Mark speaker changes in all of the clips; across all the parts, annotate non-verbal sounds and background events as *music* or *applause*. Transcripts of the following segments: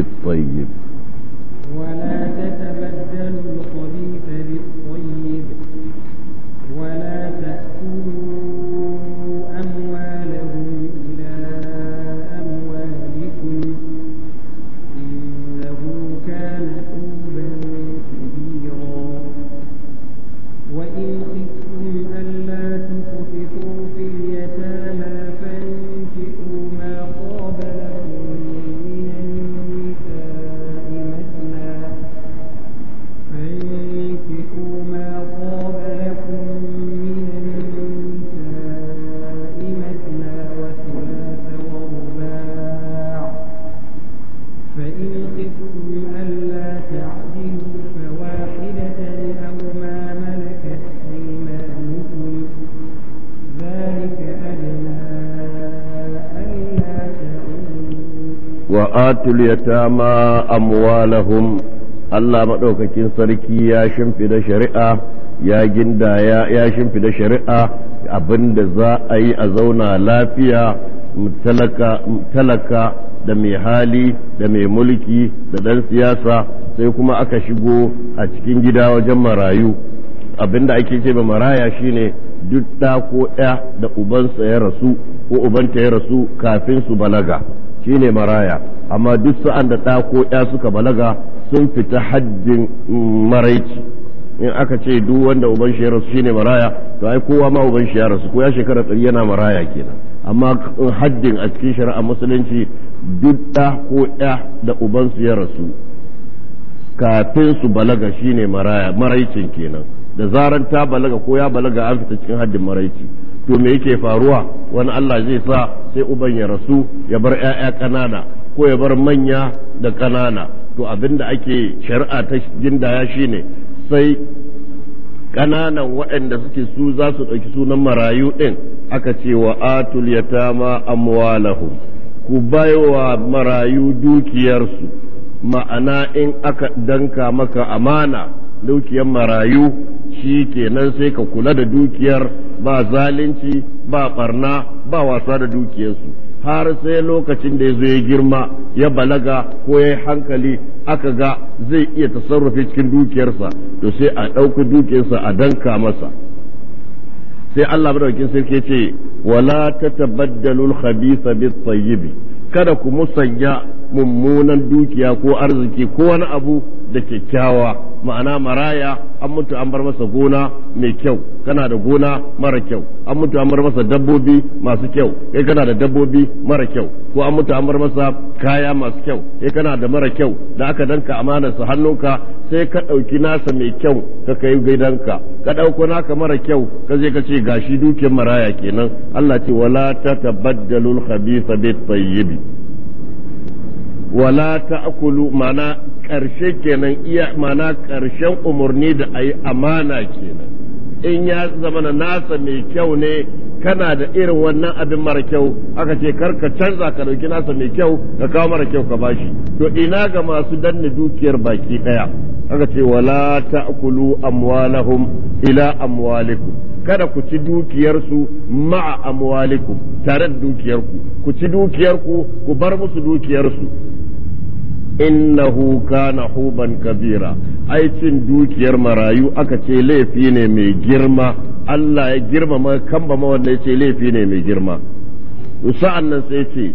Speaker 1: immediately وآتوا اليتامى أموالهم Allah maɗaukakin sarki ya shimfida shari'a ya ya shimfida shari'a abinda za a yi a zauna lafiya talaka da mai hali da mai mulki da ɗan siyasa sai kuma aka shigo a cikin gida wajen marayu abinda ake ce ba maraya shine duk ɗa ko ɗaya da ubansa ya rasu ko ubanta ya rasu kafin su balaga shine maraya amma duk sa'an da ɗa ko ɗa suka balaga sun fita haddin maraici in aka ce duk wanda uban shi ya rasu shine maraya to ai kowa ma uban shi ya rasu ko ya shekara ɗari yana maraya kenan amma hajjin a cikin shari'a musulunci duk ɗa ko ɗa da uban su ya rasu kafin su balaga shine maraya maraicin kenan da zaran ta balaga ko ya balaga an fita cikin haddin maraici to me yake faruwa wani Allah zai sa sai uban ya rasu ya bar 'ya'ya ƙanana ko ya bar manya da ƙanana to abin da ake shari'a ta jindaya shine sai ƙananan waɗanda suke su za su ɗauki sunan marayu ɗin aka ce wa atul yatama amwalahu ku baiwa marayu dukiyarsu ma'ana in aka danka maka amana dukiyar marayu shi kenan sai ka kula da dukiyar ba zalunci ba barna ba wasa da dukiyarsu har sai lokacin da ya zo ya girma ya balaga ko ya hankali aka ga zai iya tasarrufe cikin dukiyarsa to sai a ɗauki dukiyarsa a danka masa sai Allah madaukakin sarki ce wala al khabitha bit tayyib kada ku musanya mummunan dukiya ko arziki ko wani abu da kyakkyawa ma'ana maraya an mutu an bar masa gona mai kyau kana da gona mara kyau an mutu an bar masa dabbobi masu kyau kai kana da dabbobi mara kyau ko an mutu an bar masa kaya masu kyau kai kana da mara kyau da aka danka amana su hannunka sai ka ɗauki nasa mai kyau ka kai gidanka ka ɗauko naka mara kyau ka je ka ce gashi dukiyar maraya kenan Allah ce wala ta tabaddalul khabitha bit tayyib wala ta'kulu ma'ana ƙarshe kenan iya mana ƙarshen umarni da a yi amana kenan in ya zama na nasa mai kyau ne kana da irin wannan abin mara kyau aka ce karka canza ka dauki nasa mai kyau ka kawo mara kyau ka bashi to ina ga masu danne dukiyar baki ɗaya aka ce wala ta'kulu amwalahum ila amwalikum kada ku ci dukiyarsu ma'a amwalikum tare da dukiyarku ku ci dukiyarku ku bar musu dukiyarsu innahu kana huban kabira aicin dukiyar marayu aka ce laifi ne mai girma Allah ya girma ma girmama ma wanda ya ce laifi ne mai girma sa'an nan sai ce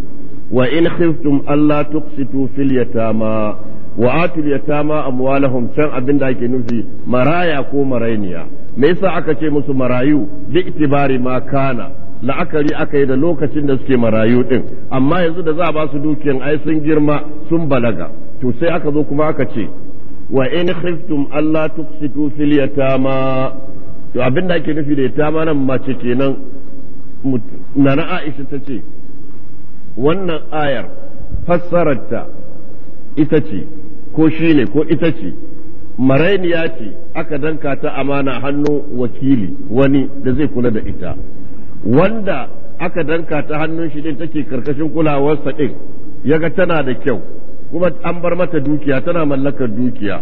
Speaker 1: wa in khiftum Allah tuqsitu fil yatama wa atul yatama amwalahum can abinda ake nufi maraya ko marainiya me yasa aka ce musu marayu bi itibari ma kana la'akari aka yi da lokacin da suke marayu din amma yanzu da za a ba su dukiyan ai sun girma sun balaga to sai aka zo kuma aka ce wa in khiftum alla tuqsitu fil yatama to abin da ake nufi da yatama nan mace kenan nana Aisha ta ce wannan ayar fassararta ita ce ko shi ne ko ita ce marainiya ce aka danka ta amana hannu wakili wani da zai kula da ita
Speaker 2: wanda
Speaker 1: aka danka ta hannun shi ɗin take karkashin kulawarsa ɗin ya ga tana da kyau kuma an bar mata dukiya tana mallakar dukiya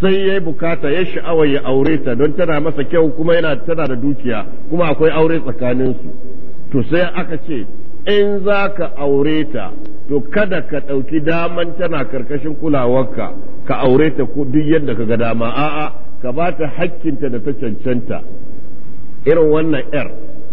Speaker 1: sai yayi bukata ya sha'awar ya aure ta don tana masa kyau kuma yana tana da dukiya kuma akwai aure tsakaninsu. su to sai aka ce in za ka aure ta to kada ka ɗauki daman tana karkashin kulawarka ka aure ta duk yadda ka ga dama a'a ka ba ta hakkinta da ta cancanta irin wannan 'yar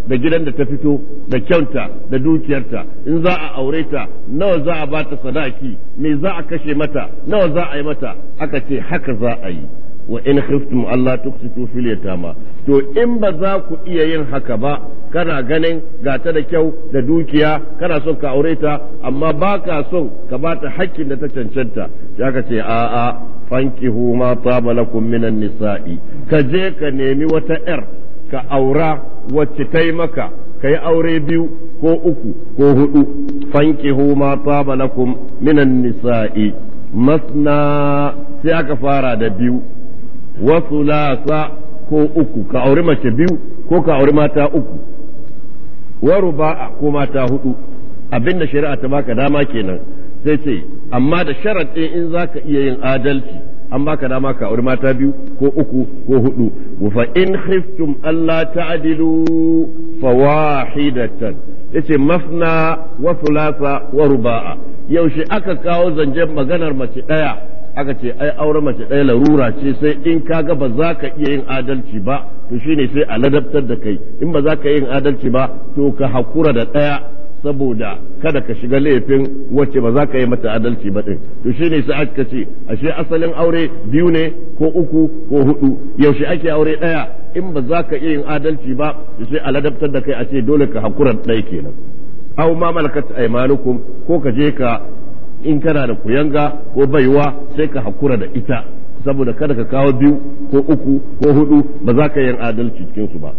Speaker 1: da gidan da ta fito da kyauta da dukiyarta in za a aure ta nawa za a bata sadaki me za a kashe mata nawa za a yi mata aka ce haka za a yi wa in khiftum Allah tuksitu fil yatama to in ba za ku iya yin haka ba kana ganin gata da kyau da dukiya kana son ka aure ta amma ba ka son ka bata hakkin da ta cancanta sai ka ce a a fankihu ma taba lakum minan nisa'i ka je ka nemi wata yar ka aura wacce ta maka ka yi aure biyu ko uku ko hudu fankihu ma taba lakum minan nisa'i masna sai aka fara da biyu wasu lasa ko uku ka aure mace biyu ko ka aure mata uku wa ruba'a ko mata hudu abinda shari'a ta baka dama kenan sai ce amma da sharaɗin in zaka iya yin adalci an baka dama ka auri mata biyu ko uku ko hudu fa in khiftum alla ta'dilu wahidatan yace mafna wa thulatha wa ruba'a yaushe aka kawo zanjen maganar mace daya aka ce ai aure mace ɗaya larura ce sai in kaga ba za ka iya yin adalci ba to shine sai a ladabtar da kai in ba za ka yin adalci ba to ka hakura da ɗaya saboda kada ka shiga laifin wacce ba za ka yi mata adalci ba din to shine sai aka ce ashe asalin aure biyu ne ko uku ko hudu yaushe ake aure ɗaya in ba za ka iya yin adalci ba sai a ladabtar da kai a ce dole ka hakura ɗaya kenan au ma malakat aymanukum ko ka je ka in kana da kuyanga ko baiwa sai ka hakura da ita saboda kada ka kawo biyu ko uku ko hudu ba za ka yin adalci cikin su ba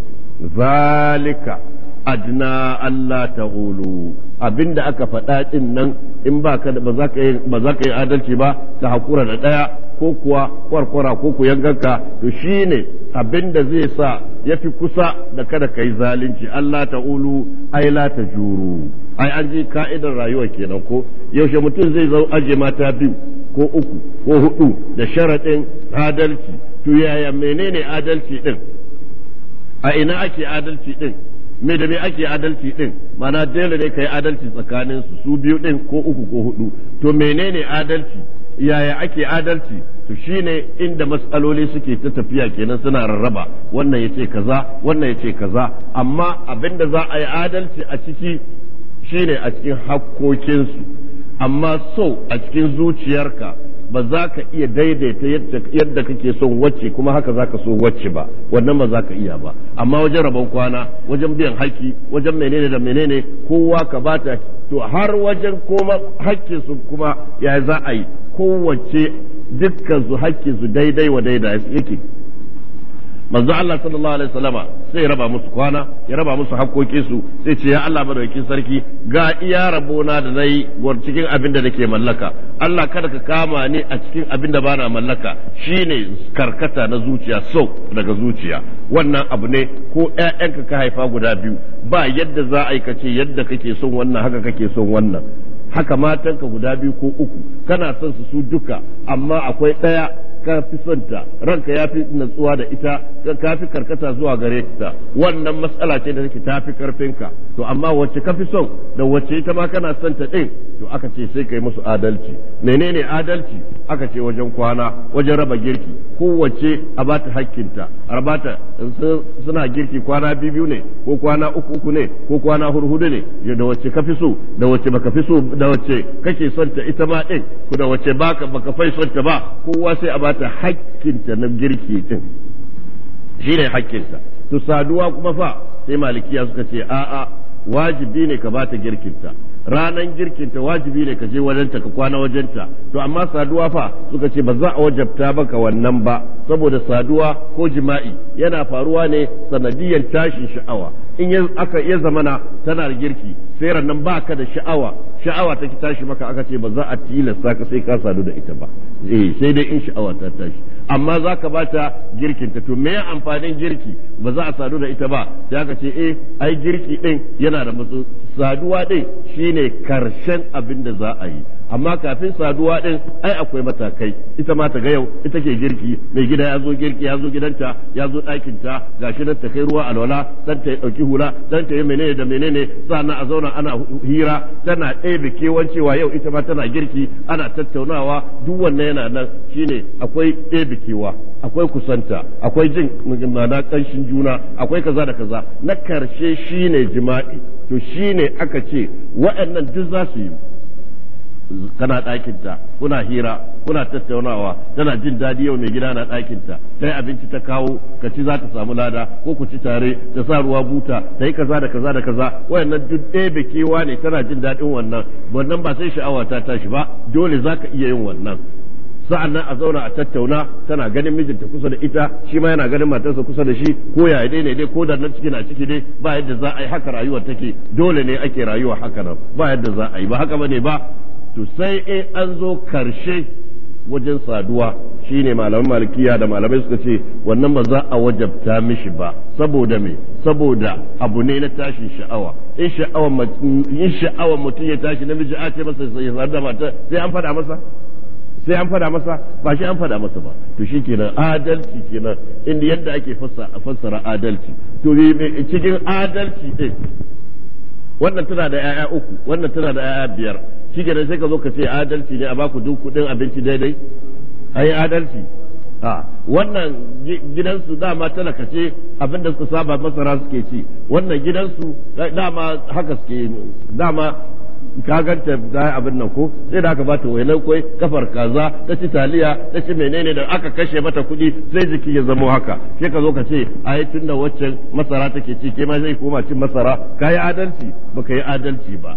Speaker 1: zalika adna Allah ta gulu abinda aka faɗa ɗin nan in ba ka ba za ka yi adalci ba ta hakura da ɗaya ko kuwa kwarkwara ko ku yankanka to shi ne abinda zai sa ya fi kusa da kada ka yi zalunci Allah ta ulu ai la ta juru ai an ji ka'idar rayuwa kenan ko yaushe mutum zai zo aje mata biyu ko uku ko hudu da sharaɗin adalci to yaya menene adalci ɗin a ina ake adalci ɗin me da me ake adalci din mana dole ne kai adalci tsakanin su su biyu din ko uku ko hudu to menene adalci yaya ake adalci to shine inda matsaloli suke ta tafiya kenan suna rarraba wannan yace kaza wannan yace kaza amma abinda za a yi adalci a ciki shine a cikin su amma so a cikin zuciyarka ba za ka iya daidaita yadda kake son wacce kuma haka za ka so wacce ba wannan ba za ka iya ba amma wajen rabon kwana wajen biyan haki wajen menene da menene kowa ka bata to har wajen koma hakkin su kuma ya za a yi kowace dukkan su hakkin su daidai wa daidai yake manzo Allah sallallahu alaihi wasallama sai ya raba musu kwana ya raba musu hakkokin su sai ce ya Allah madaukakin sarki ga iya rabona da nayi gwar cikin abin da nake mallaka Allah kada ka kama ni a cikin abin da bana mallaka shine karkata na zuciya so daga zuciya wannan abu ne ko ƴaƴanka ka haifa guda biyu ba yadda za a yi kace yadda kake son wannan haka kake son wannan haka matanka guda biyu ko uku kana son su su duka amma akwai ɗaya ka fi son ta ranka ya fi natsuwa da ita ka fi karkata zuwa gare ta wannan matsala ce da take ta fi karfinka to amma wacce ka fi son da wacce ita ma kana son ta din to aka ce sai kai musu adalci menene adalci aka ce wajen kwana wajen raba girki kowace a bata hakkinta a bata suna girki kwana biyu ne ko kwana uku uku ne ko kwana hurhudu ne da wacce ka fi so da wacce baka fi so da wacce kake son ta ita ma din ko da wacce baka baka fai son ta ba kowa sai a bata hakkinta na girki din shi ne hakkinsa to saduwa kuma fa sai malikiya suka ce a'a wajibi ne ka bata girkinta ranan girkinta wajibi ne ka je wajenta ka kwana wajenta to amma saduwa fa suka ce ba za a wajabta baka wannan ba saboda saduwa ko jima'i yana faruwa ne sanadiyar tashin sha'awa in aka iya zamana tana da girki sai rannan ka da sha'awa sha'awa ta tashi maka aka ce ba za a tilasta ka sai ka sadu da ita ba eh sai dai in sha'awa ta tashi amma za ka bata girkin ta to me amfanin girki ba za a sadu da ita ba sai aka ce eh ai girki din yana da matsu saduwa din shine karshen abin da za a yi amma kafin saduwa din ai akwai matakai ita ma ta ga yau ita ke girki mai gida ya zo girki ya zo gidanta ya zo ɗakin ta gashi nan ta kai ruwa a lola dan ta ɗauki hula dan ta yi menene da menene sannan a zauna ana hira tana ɗaya kewan cewa yau ita ma tana girki ana tattaunawa duk wannan yana nan shine akwai ɗebikewa. akwai kusanta akwai jin na ƙanshin juna akwai kaza da kaza na karshe shine jima'i to shine aka ce waɗannan duk za su yi kana ɗakinta kuna hira kuna tattaunawa tana jin daɗi yau mai gida na ɗakinta ta abinci ta kawo ka ci za ta samu lada ko ku ci tare ta sa ruwa buta ta yi kaza da kaza da kaza wayannan duk ɗaya da kewa ne tana jin daɗin wannan wannan ba sai sha'awa ta tashi ba dole za ka iya yin wannan sa'an nan a zauna a tattauna tana ganin mijinta kusa da ita shi ma yana ganin matarsa kusa da shi ko ya dai ne dai ko da nan ciki na ciki dai ba yadda za a yi haka rayuwar take dole ne ake rayuwa haka nan ba yadda za a yi ba haka ba ne ba to sai in an zo karshe wajen saduwa shine malaman malikiya da malamai suka ce wannan ba za a wajabta mishi ba saboda me saboda abu ne na tashin sha'awa in sha'awa mutum ya tashi namiji a ce masa sai sadu da mata sai an faɗa masa sai an fada masa ba shi an fada masa ba to shi kenan adalci kenan inda yadda ake fassara adalci to cikin adalci din wannan tana da 'ya'ya uku wannan tana da 'ya'ya biyar shikenan sai ka zo ka ce adalci ne a baku duk kudin abinci daidai ai adalci a wannan gidansu dama talaka ce abinda suka saba masara suke ci wannan gidansu dama haka suke dama ka ganta da abin nan ko sai da aka bata wainan kwai kafar kaza ta ci taliya ta ci menene da aka kashe mata kuɗi sai jiki ya zamo haka sai ka zo ka ce ai tun da waccan masara take ci ke ma zai koma cin masara ka yi adalci baka yi adalci ba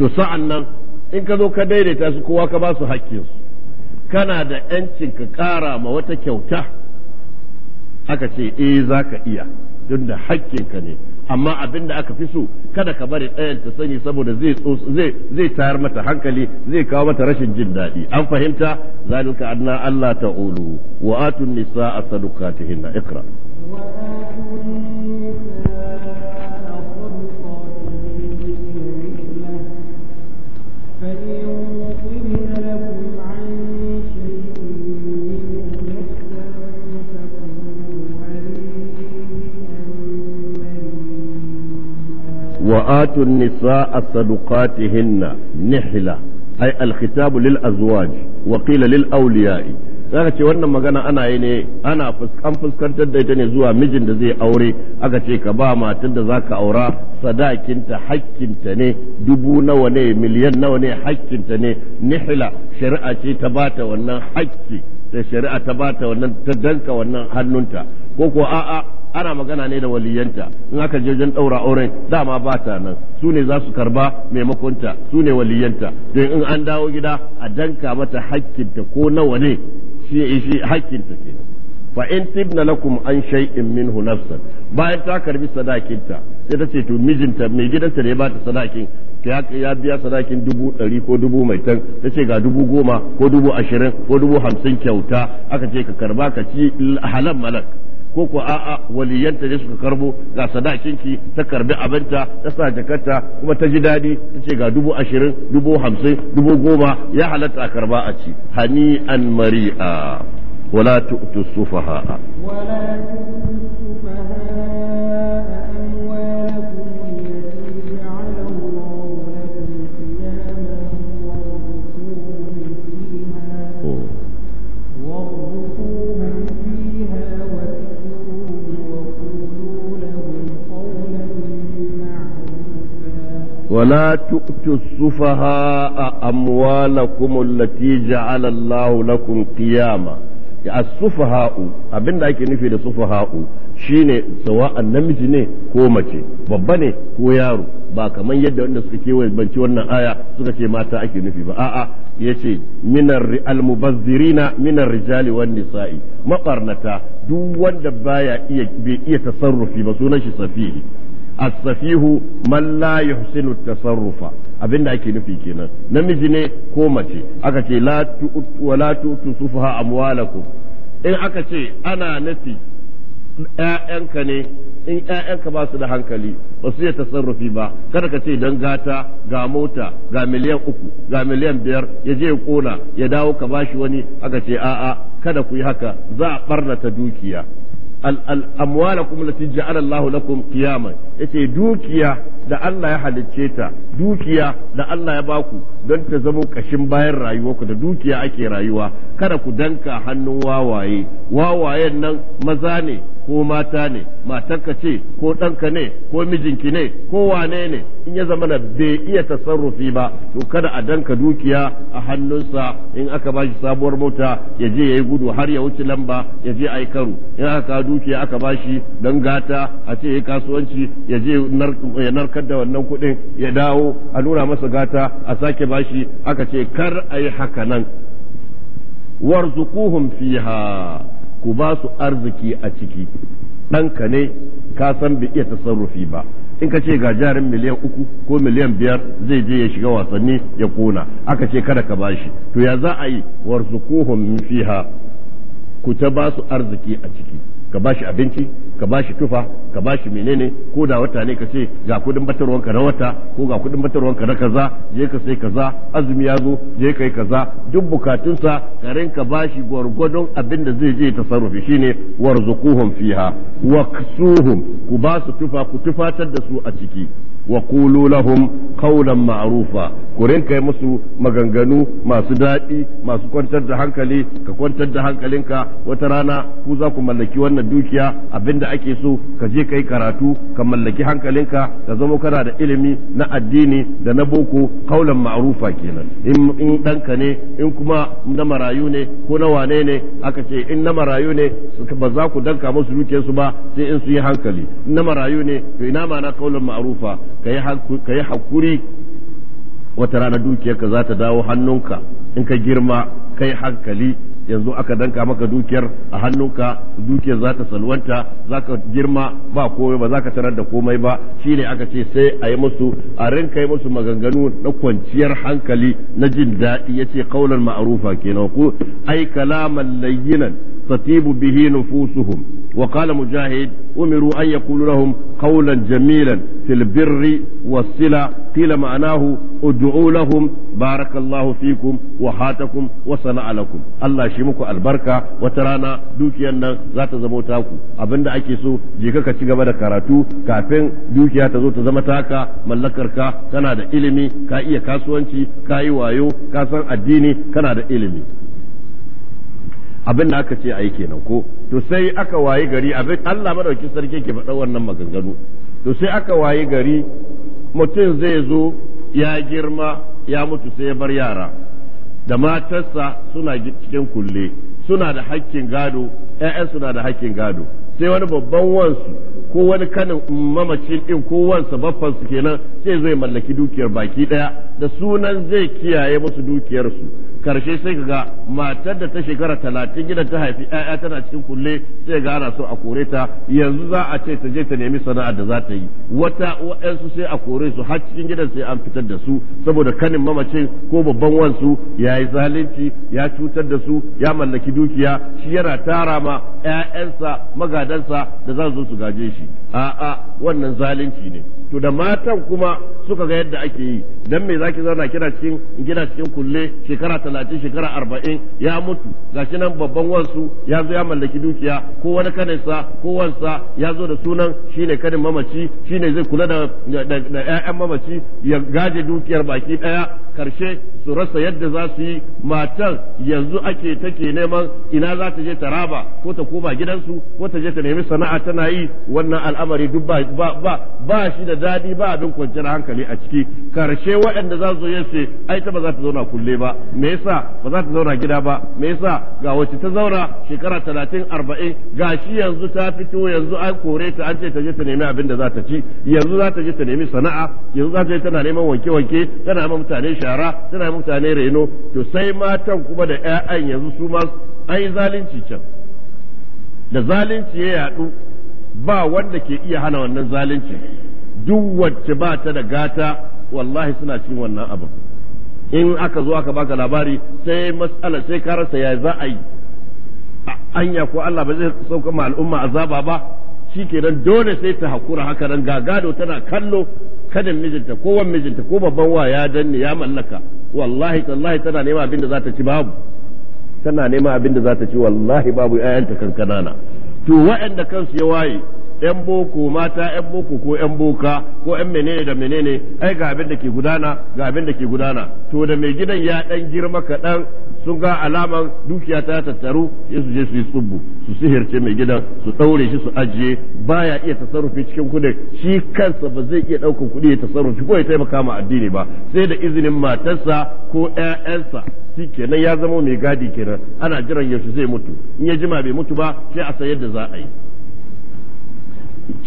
Speaker 1: to sa'an nan in ka zo ka daidaita su kowa ka ba su haƙƙinsu kana da ‘yancin ka ƙara ma wata kyauta aka ce e, za ka iya don da haƙƙinka ne amma abin da aka fi so kada ka bari ɗayan ta sani saboda zai tayar mata hankali zai kawo mata rashin jin daɗi an fahimta zalika anna Allah ta'ulu wa atun nisa a sadukatihinna ikra وآتوا النساء صدقاتهن نحلة أي الخطاب للأزواج وقيل للأولياء zaka ce wannan magana ana yi ne ana an fuskantar da ita ne zuwa mijin da zai aure aka ce ka ba matar da zaka aura sadakinta hakkinta ne dubu nawa ne miliyan nawa ne hakkinta ne nihila shari'a ce ta bata wannan hakki da shari'a ta bata wannan ta danka wannan hannunta ko ko a'a ana magana ne da waliyanta in aka je wajen daura auren dama ba ta nan su ne za su karba maimakonta ta su ne waliyanta don in an dawo gida a danka mata hakkinta ko nawa ne shi shi hakkinta ke fa in tibna lakum an shay'in minhu nafsan bayan ta karbi sadakinta sai ta ce to mijinta mai gidanta ne ba ta sadakin ya biya sadakin dubu ɗari ko dubu mai tan ta ce ga dubu goma ko dubu ashirin ko dubu hamsin kyauta aka ce ka karba ka ci halal malak ko ko a'a waliyanta ne suka karbo ga sadakinki ta karbi abinta ta sa jakarta kuma ta ji daɗi ta ce ga dubu ashirin dubu hamsin dubu goma ya halatta a karba a ci hani an mari'a wala tu'tu sufaha'a ولا تؤتوا السفهاء أموالكم التي جعل الله لكم قياما السفهاء abin da ake nufi da sufaha'u shine sawa'an namiji ne ko mace babba ne ko yaro ba kamar yadda wanda suka kewaye banci wannan aya suka ce mata ake nufi ba a'a yace minar almubazzirina minar rijali wan nisa'i mabarnata duk wanda baya iya bai iya tasarrufi ba sunan shi safihi as-safihu man la yuhsinu tasarrufa abinda ake nufi kenan namiji ne ko mace aka ce la wa la amwalakum in aka ce ana nufi ‘ya'yanka ne in ‘ya'yanka ba su da hankali ba su iya tasarrufi ba kada ka ce don gata ga mota ga miliyan uku ga miliyan biyar ya je ya kona ya dawo ka bashi wani aka ce a'a kada ku yi haka za a barnata dukiya al'amwalakum lati ja'ala Allahu lakum qiyama yace dukiya da Allah ya halicce ta dukiya da Allah ya baku don ta zama kashin bayan rayuwarku da dukiya ake rayuwa kada ku danka hannun wawaye wawayen nan maza ne ko mata ne matarka ce ko ɗanka ne ko mijinki ne ko wane ne in ya zama bai iya tasarrufi ba to kada a danka dukiya a hannunsa in aka bashi sabuwar mota ya je ya yi gudu har ya wuce lamba ya je a yi karo in aka dukiya aka bashi don gata a ce ya kasuwanci ya je ya narkar da wannan kuɗin ya dawo a nuna masa gata a sake bashi aka ce kar a yi haka nan warzuquhum fiha ku ba su arziki a ciki ɗanka ne ka san bai iya tasarrufi ba in ka ce ga jarin miliyan uku ko miliyan biyar zai je ya shiga wasanni ya kona aka ce kada ka bashi to ya za a yi warzuquhum fiha ku ta ba su arziki a ciki ka ba shi abinci ka ba shi tufa ka ba shi menene ko da wata ne ka ce ga kudin batarwanka na wata ko ga kudin batarwanka na kaza je ka sai kaza azumi ya zo je ka yi kaza duk bukatunsa ka rinka shi gwargwadon abin da zai je ta tasarrufi shine warzuquhum fiha waksuhum ku ba su tufa ku tufatar da su a ciki wa qulu lahum qawlan ma'rufa ku rinka musu maganganu masu daɗi masu kwantar da hankali ka kwantar da hankalinka wata rana ku za ku mallaki wannan dukiya abinda ake so ka je kai karatu ka mallaki hankalinka ka zama kana da ilimi na addini da na boko kaulan ma'rufa kenan in ɗanka ne in kuma na marayu ne ko na wane ne aka ce in na marayu ne ba za ku danka musu dukiyarsu ba sai in su yi hankali in na marayu ne to ina ma na kaulan ma'rufa ka yi hakuri wata rana dukiyarka za ta dawo hannunka in ka girma kai hankali yanzu aka danka maka dukiyar a hannunka dukiyar za ta salwanta za ka girma ba komai ba za ka tarar da komai ba shi ne aka ce sai a yi musu a rinka yi musu maganganu na kwanciyar hankali na jin daɗi ya ce kaular ma'arufa kenan ku ai kalaman layyinan تطيب به نفوسهم وقال مجاهد أمروا أن يقولوا لهم قولا جميلا في البر والصلة قيل معناه ادعوا لهم بارك الله فيكم وحاتكم وصنع لكم الله يشمكم البركة وترانا دوكي أن ذات زموتاكم أبند أكيسو جيكا كتشيغا بدا كاراتو كافين دوكي هتزو تزمتاكا ملكركا كان هذا إلمي كاية كاسوانشي كاية وايو كاسان الديني كان هذا إلمي abin da aka ce a yi kenan ko to sai aka waye gari abin Allah madauki sarki ke faɗa wannan maganganu to sai aka waye gari mutum zai zo ya girma ya mutu sai ya bar yara da matarsa suna cikin kulle suna da hakkin gado ƴaƴan suna da hakkin gado sai wani babban wansu ko wani kanin mamaci ɗin ko wansa baffan su kenan sai zai mallaki dukiyar baki ɗaya. da sunan zai kiyaye musu dukiyarsu. karshe sai ga matar da ta shekara talatin gidan ta haifi ‘ya'ya tana cikin kulle sai ga ana so a kore ta yanzu za a ce ta je ta nemi sana'ar da za ta yi wata wayansu sai a kore su har cikin gidan sai an fitar da su saboda kanin mamacin ko babban wansu ya yi zalunci ya cutar da su ya mallaki dukiya shi yana tara ma ‘ya'yansa magadansa da za su gaje shi a'a wannan zalunci ne to da matan kuma suka ga yadda ake yi dan me zaki zauna kina cikin gida cikin kulle shekara talatin shekara arba'in ya mutu gashi nan babban wansu ya zo ya mallaki dukiya ko wani kaninsa ko wansa ya zo da sunan shine kanin mamaci shine zai kula da 'ya'yan mamaci ya gaje dukiyar baki ɗaya karshe su rasa yadda za su yi matar yanzu ake take neman ina za ta je ta raba ko ta koma gidansu ko ta je ta nemi sana'a tana yi wannan al'amari duk ba shi da dadi ba abin kwanciyar hankali a ciki karshe waɗanda za su yace ai ta ba za ta zauna kulle ba me yasa ba za ta zauna gida ba me yasa ga wacce ta zauna shekara talatin arba'in ga shi yanzu ta fito yanzu an kore ta an ce ta je ta nemi abin da za ta ci yanzu za ta je ta nemi sana'a yanzu za ta je tana neman wanke-wanke tana ma mutane shi yara suna mutane reno to sai matan kuma da 'ya'yan yanzu su ma an yi zalunci can da zalunci ya yadu ba wanda ke iya hana wannan zalunci duk wacce ba ta da gata wallahi suna cin wannan abin in aka zo aka baka labari sai mas'ala sai karasa ya za a yi anya ko Allah ba zai sauka ma al'umma azaba ba shi shikenan dole sai ta hakura haka nan gagado tana kallo kada mijinta ko wan mijinta ko babban wa ya danne ya mallaka wallahi tallahi tana nema abin da za ta ci babu tana nema abin da za ta ci wallahi babu ƴaƴanta kankanana to waɗanda kansu ya waye yan boko mata yan boko ko yan boka ko yan menene da menene ai ga abin da ke gudana ga abin da ke gudana to da mai gidan ya dan girma kaɗan sun ga alaman dukiya ta tattaru sai su je su yi tsubbu su sihirce mai gidan su ɗaure shi su ajiye baya iya tasarrufi cikin kuɗin shi kansa ba zai iya ɗaukan kuɗi ya tasarrufi ko ya taimaka ma addini ba sai da izinin matarsa ko ƴaƴansa shi kenan ya zama mai gadi kenan ana jiran yaushe zai mutu in ya jima bai mutu ba sai a san yadda za a yi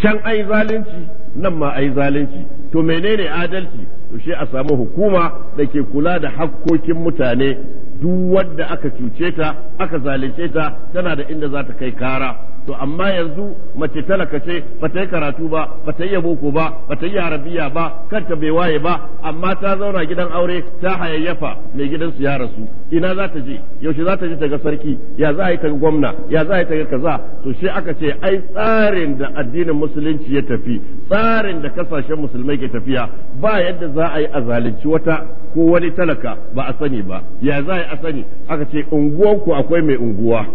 Speaker 1: can ai zalunci nan ma ai zalunci to menene adalci to shi a samu hukuma da ke kula da hakkokin mutane duk wadda aka cuce ta aka zalunce ta tana da inda za ta kai kara to amma yanzu mace talaka ce ba ta yi karatu ba ba ta yi boko ba ba ta yi arabiya ba kanta bai waye ba amma ta zauna gidan aure ta hayayyafa mai gidansu ya rasu ina za ta je yaushe za ta je ta ga sarki ya za a yi ta ga gwamna ya za a yi ta ga kaza to shi aka ce ai tsarin da addinin musulunci ya tafi tsarin da kasashen musulmai ke tafiya ba yadda za a yi a zalunci wata ko wani talaka ba a sani ba ya za a yi a sani aka ce unguwanku akwai mai unguwa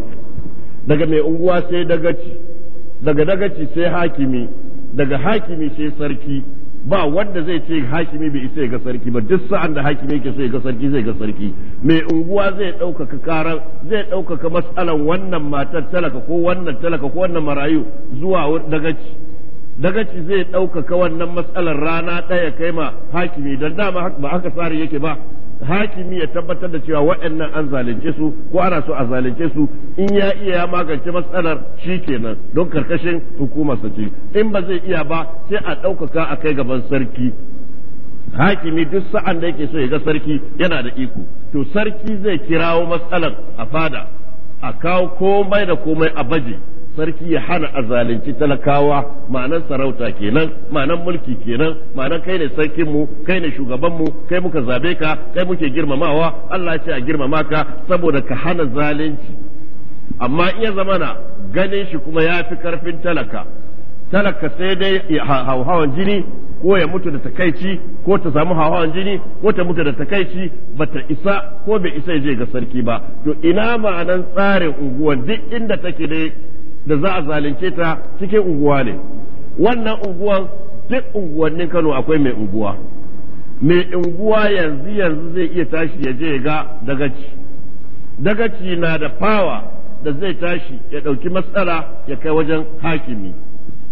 Speaker 1: daga mai unguwa sai dagaci daga dagaci sai hakimi daga hakimi sai sarki ba wanda zai ce hakimi bai isa ga sarki ba duk sa'an da hakimi yake so ya ga sarki zai ga sarki mai unguwa zai ɗaukaka kara zai ɗaukaka matsalan wannan matar talaka ko wannan talaka ko wannan marayu zuwa dagaci dagaci zai ɗaukaka wannan mas'alan rana ɗaya kai ma hakimi don dama ba haka tsari yake ba hakimi ya tabbatar da cewa waɗannan an zalunce su ko ana so a zalunce su in ya iya ya magance matsalar shi kenan don karkashin hukumar ce in ba zai iya ba sai a ɗaukaka a kai gaban sarki hakimi duk sa'an da yake so ya ga sarki yana da iko to sarki zai kirawo matsalar a fada a kawo komai da komai a baje sarki ya hana a zalunci talakawa ma'anar sarauta kenan ma'anan mulki kenan ma'anan kai ne sarkinmu kai ne shugabanmu kai muka zabe ka kai muke girmamawa Allah ya ce a girmama ka saboda ka hana zalunci amma in ya zamana ganin shi kuma ya fi karfin talaka talaka sai dai hauhawan jini ko ya mutu da takaici ko ta samu hauhawan jini ko ta mutu da takaici ba ta isa ko bai isa ya je ga sarki ba to ina ma'anan tsarin unguwan duk inda take dai da za a zalunce ta cikin unguwa ne wannan unguwan duk unguwannin Kano akwai mai unguwa mai unguwa yanzu yanzu zai iya tashi ya je ya ga dagaci dagaci na da fawa da zai tashi ya ɗauki matsala ya kai wajen hakimi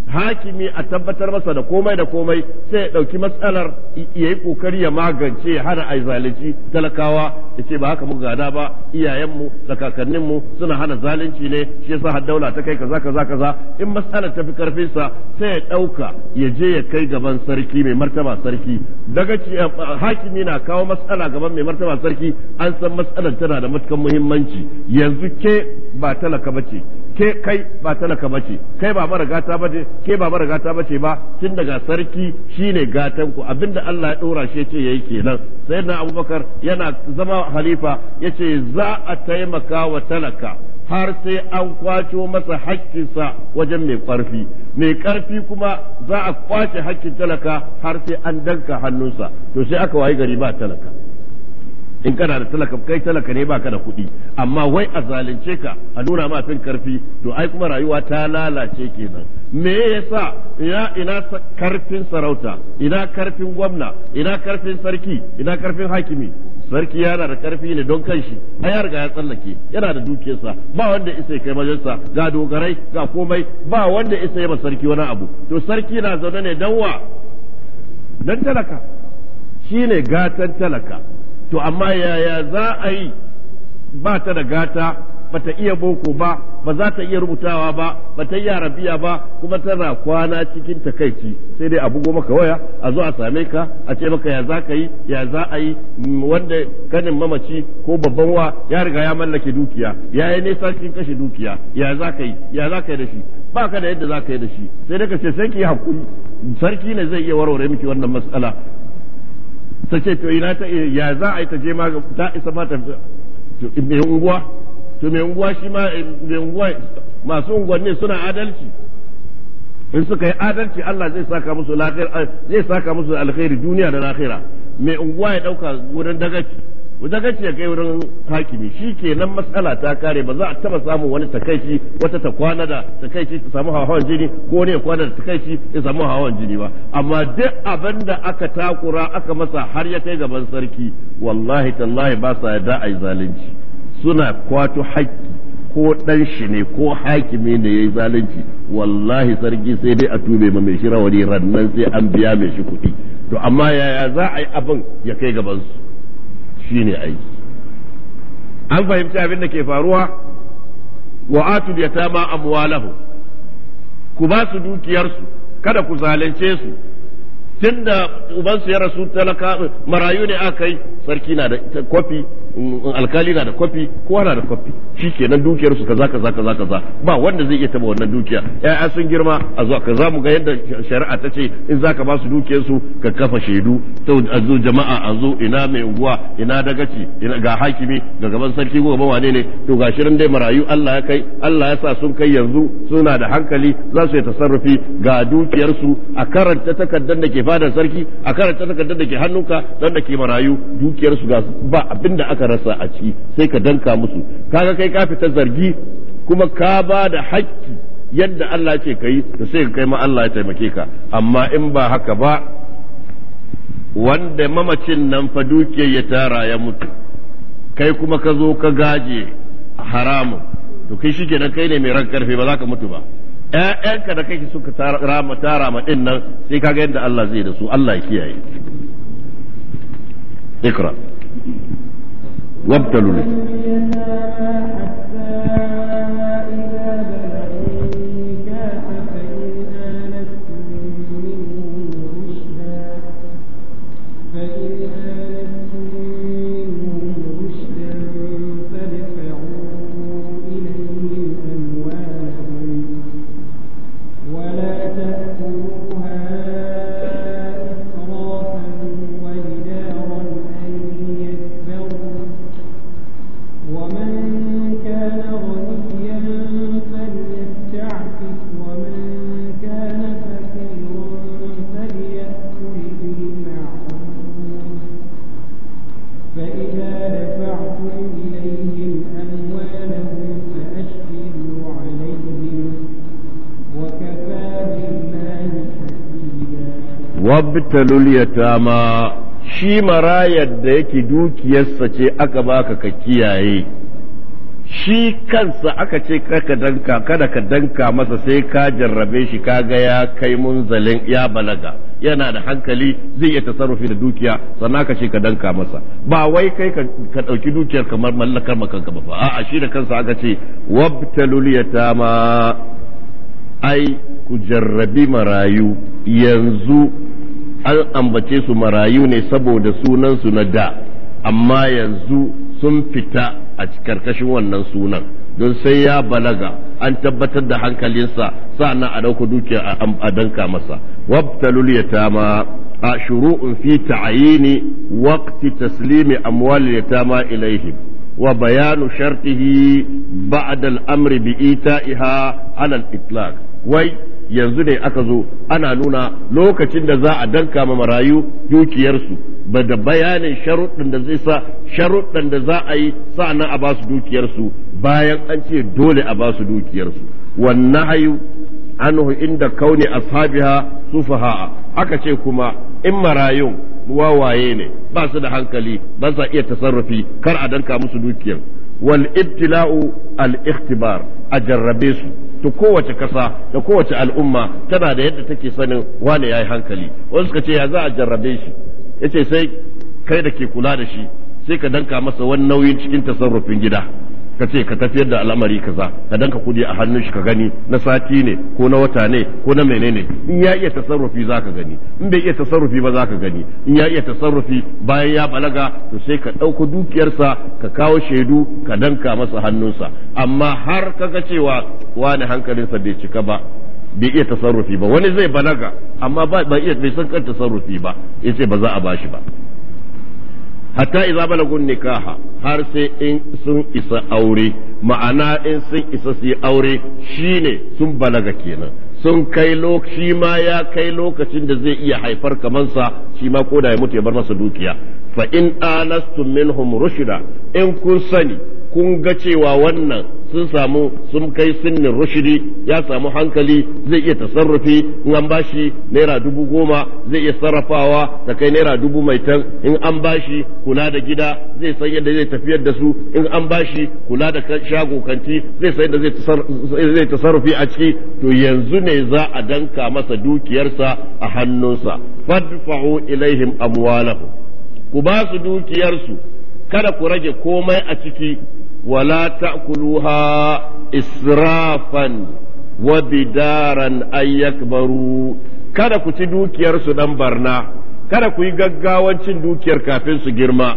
Speaker 1: hakimi a tabbatar masa da komai da komai sai ya ɗauki matsalar ya yi ƙoƙari ya magance hana a zalunci talakawa ya ce ba haka muka gada ba iyayenmu da kakanninmu suna hana zalunci ne shi yasa har daula ta kai kaza kaza kaza in matsalar ta fi karfin sa sai ya ɗauka ya je ya kai gaban sarki mai martaba sarki daga eh, hakimi na kawo matsala gaban mai martaba sarki an san matsalar tana da matukan muhimmanci yanzu ke ba talaka ba ce. ke kai ba talaka bace kai ba mara gata bace ke ba mara gata bace ba tun daga sarki shine gatan ku abinda Allah ya dora shi yace yi kenan na Abubakar yana zama halifa ya ce za a taimaka wa talaka har sai an kwaco masa hakkinsa wajen mai ƙarfi mai ƙarfi kuma za a kwace hakkin talaka har sai an danka hannunsa to sai aka wayi gari ba talaka in kana da talaka kai talaka ne baka da kuɗi amma wai a zalunce ka a nuna ma fin karfi to ai kuma rayuwa ta lalace kenan me yasa ina ina karfin sarauta ina karfin gwamna ina karfin sarki ina karfin hakimi sarki yana da karfi ne don kanshi a ya riga ya tsallake yana da dukiyarsa ba wanda isa kai majalisa ga dogarai ga komai ba wanda isa ya sarki wani abu to sarki na zaune ne dan wa dan talaka shine gatan talaka to amma yaya za a yi ba ta da gata ba ta iya boko ba ba za ta iya rubutawa ba ba ta iya rabiya ba kuma tana kwana cikin takaici sai dai a bugo maka waya a zo a same ka a ce maka ya za ka yi ya za a yi mm, wanda kanin mamaci ko babban wa ya riga ya mallake dukiya ya yi nesa cikin kashe dukiya ya za ka yi ya za ka yi da shi ba ka da yadda za ka yi da shi sai dai ka ce sai ki hakuri sarki ne zai iya warware miki wannan matsala ta ce to ina ta ya za a yi ta je ma ta isa ma ta mai unguwa to mai unguwa shi ma eh, mai unguwa masu unguwanni suna adalci in suka yi adalci Allah zai saka musu eh, zai saka musu alkhairi duniya da lahira mai unguwa ya dauka wurin dagaci wajen gaci ya kai wurin hakimi shi kenan matsala ta kare ba za a taba samun wani takaici wata ta kwana da takaici ta samu hawan jini ko ne kwana da takaici ya samu hawan jini ba amma duk abin da aka takura aka masa har ya kai gaban sarki wallahi tallahi ba sa yarda a yi zalunci suna kwato haƙƙi ko ɗan shi ne ko hakimi ne ya yi zalunci wallahi sarki sai dai a tube ma mai shi rawani rannan sai an biya mai shi kuɗi to amma yaya za a yi abin ya kai gabansu shine aiki an fahimci abin da ke faruwa wa ma yatama amwalahu ku ba su dukiyarsu kada ku zalunce su tunda ubansu ya rasu talaka marayu ne aka yi sarki na da kofi alkali na da kwafi kowa na da kwafi shi kenan dukiyar su kaza kaza kaza kaza ba wanda zai iya taba wannan dukiya ya'ya sun girma a zuwa kaza mu ga yadda shari'a ta ce in zaka ba su dukiyar su ka kafa shaidu to a zo jama'a a zo ina mai unguwa ina dagaci ina ga hakimi ga gaban sarki gaban wane ne to ga shirin dai marayu Allah ya kai Allah ya sa sun kai yanzu suna da hankali za su yi tasarrufi ga dukiyar su a karanta takardar da ke fadar sarki a karanta takardar da ke hannunka dan da ke marayu dukiyar su ga ba abinda aka ka a ciki sai ka danka musu kaga kai ka fita zargi kuma ka ba da hakki yadda Allah ce ka yi to sai ka kai ma Allah ya taimake ka amma in ba haka ba wanda mamacin nan fa dukiyar ya tara ya mutu kai kuma ka zo ka gaje haramun to kai shi kenan kai ne mai ran karfe ba za ka mutu ba ‘ya'yanka da kake suka rama tara ma ɗin nan sai kaga yadda Allah zai da su Allah ya kiyaye. Ikra. وابتلوا ta ma shi marayar da yake dukiyarsa ce aka baka ka kiyaye shi kansa aka ce kada ka danka masa sai ka jarrabe shi kaga ya kai munzalin ya balaga yana da hankali zai iya tasarrufi da dukiya sannan ka ce ka danka masa ba wai kai ka ɗauki dukiyar kamar mallakar makanka ba a'a shi da kansa aka ce ta ma ai ku jarrabi marayu yanzu an ambace su marayu ne saboda sunansu na da amma yanzu sun fita a karkashin wannan sunan don sai ya balaga an tabbatar da hankalinsa sa'annan a ɗauko dukiya a danka masa wabtalul yatama a shuru'un fi ta'ayini waqti taslimi amwal yatama ilaihim wa bayanu shartihi ba'da al-amri bi ita'iha ala al-itlaq wai yanzu ne aka zo ana nuna lokacin da za a danka ma marayu dukiyarsu ba da bayanin sharuɗin da zai sa sharuɗin da za a yi sa'annan a ba su dukiyarsu bayan an ce dole a ba su dukiyarsu wannan hayu da inda kauni su faha'a aka ce kuma in marayun wawaye ne ba su da hankali ba sa iya tasarrafi kar a danka musu dukiyar wal ibtila'u al ikhtibar a jarrabe su to kowace ƙasa da kowace al'umma tana da yadda take sanin wane yayi hankali wasu suka ce ya za a jarrabe shi yace sai kai da ke kula da shi sai ka danka masa wani nauyin cikin tasarrufin gida ka ce ka tafiyar da al'amari kaza ka danka kudi a hannun shi ka gani na sati ne ko na wata ne ko na menene in ya iya tasarrufi za ka gani in bai iya tasarrufi ba za ka gani in ya iya tasarrufi bayan ya balaga to sai ka ɗauko dukiyarsa ka kawo shaidu ka danka masa hannunsa amma har ka ga cewa wani hankalinsa bai cika ba bai iya tasarrufi ba wani zai balaga amma bai san kan tasarrufi ba ce ba za a bashi ba hatta idza balagun nikaha har sai in sun isa aure ma'ana in sun isa su aure shine sun balaga kenan sun kai lokaci ma ya kai lokacin da zai iya haifar kamansa shi ma ko da ya mutu ya bar masa dukiya fa in anastum minhum rushda in kun sani kun ga cewa wannan sun samu sun kai sinnin rushidi ya samu hankali zai iya tasarrufi in an bashi naira dubu goma zai iya sarrafawa ta kai naira dubu mai tan in an bashi kula da gida zai san yadda zai tafiyar da su in an bashi kula da shago kanti zai san yadda zai tasarrufi a ciki to yanzu ne za a danka masa dukiyarsa a hannunsa fadfa'u ilaihim amwalahu ku ba su dukiyarsu kada ku rage komai a ciki ولا تأكلوها إسرافا وبدارا أن يكبروا kada ku ci dukiyarsu dan barna kada ku yi gaggawancin dukiyar kafin su girma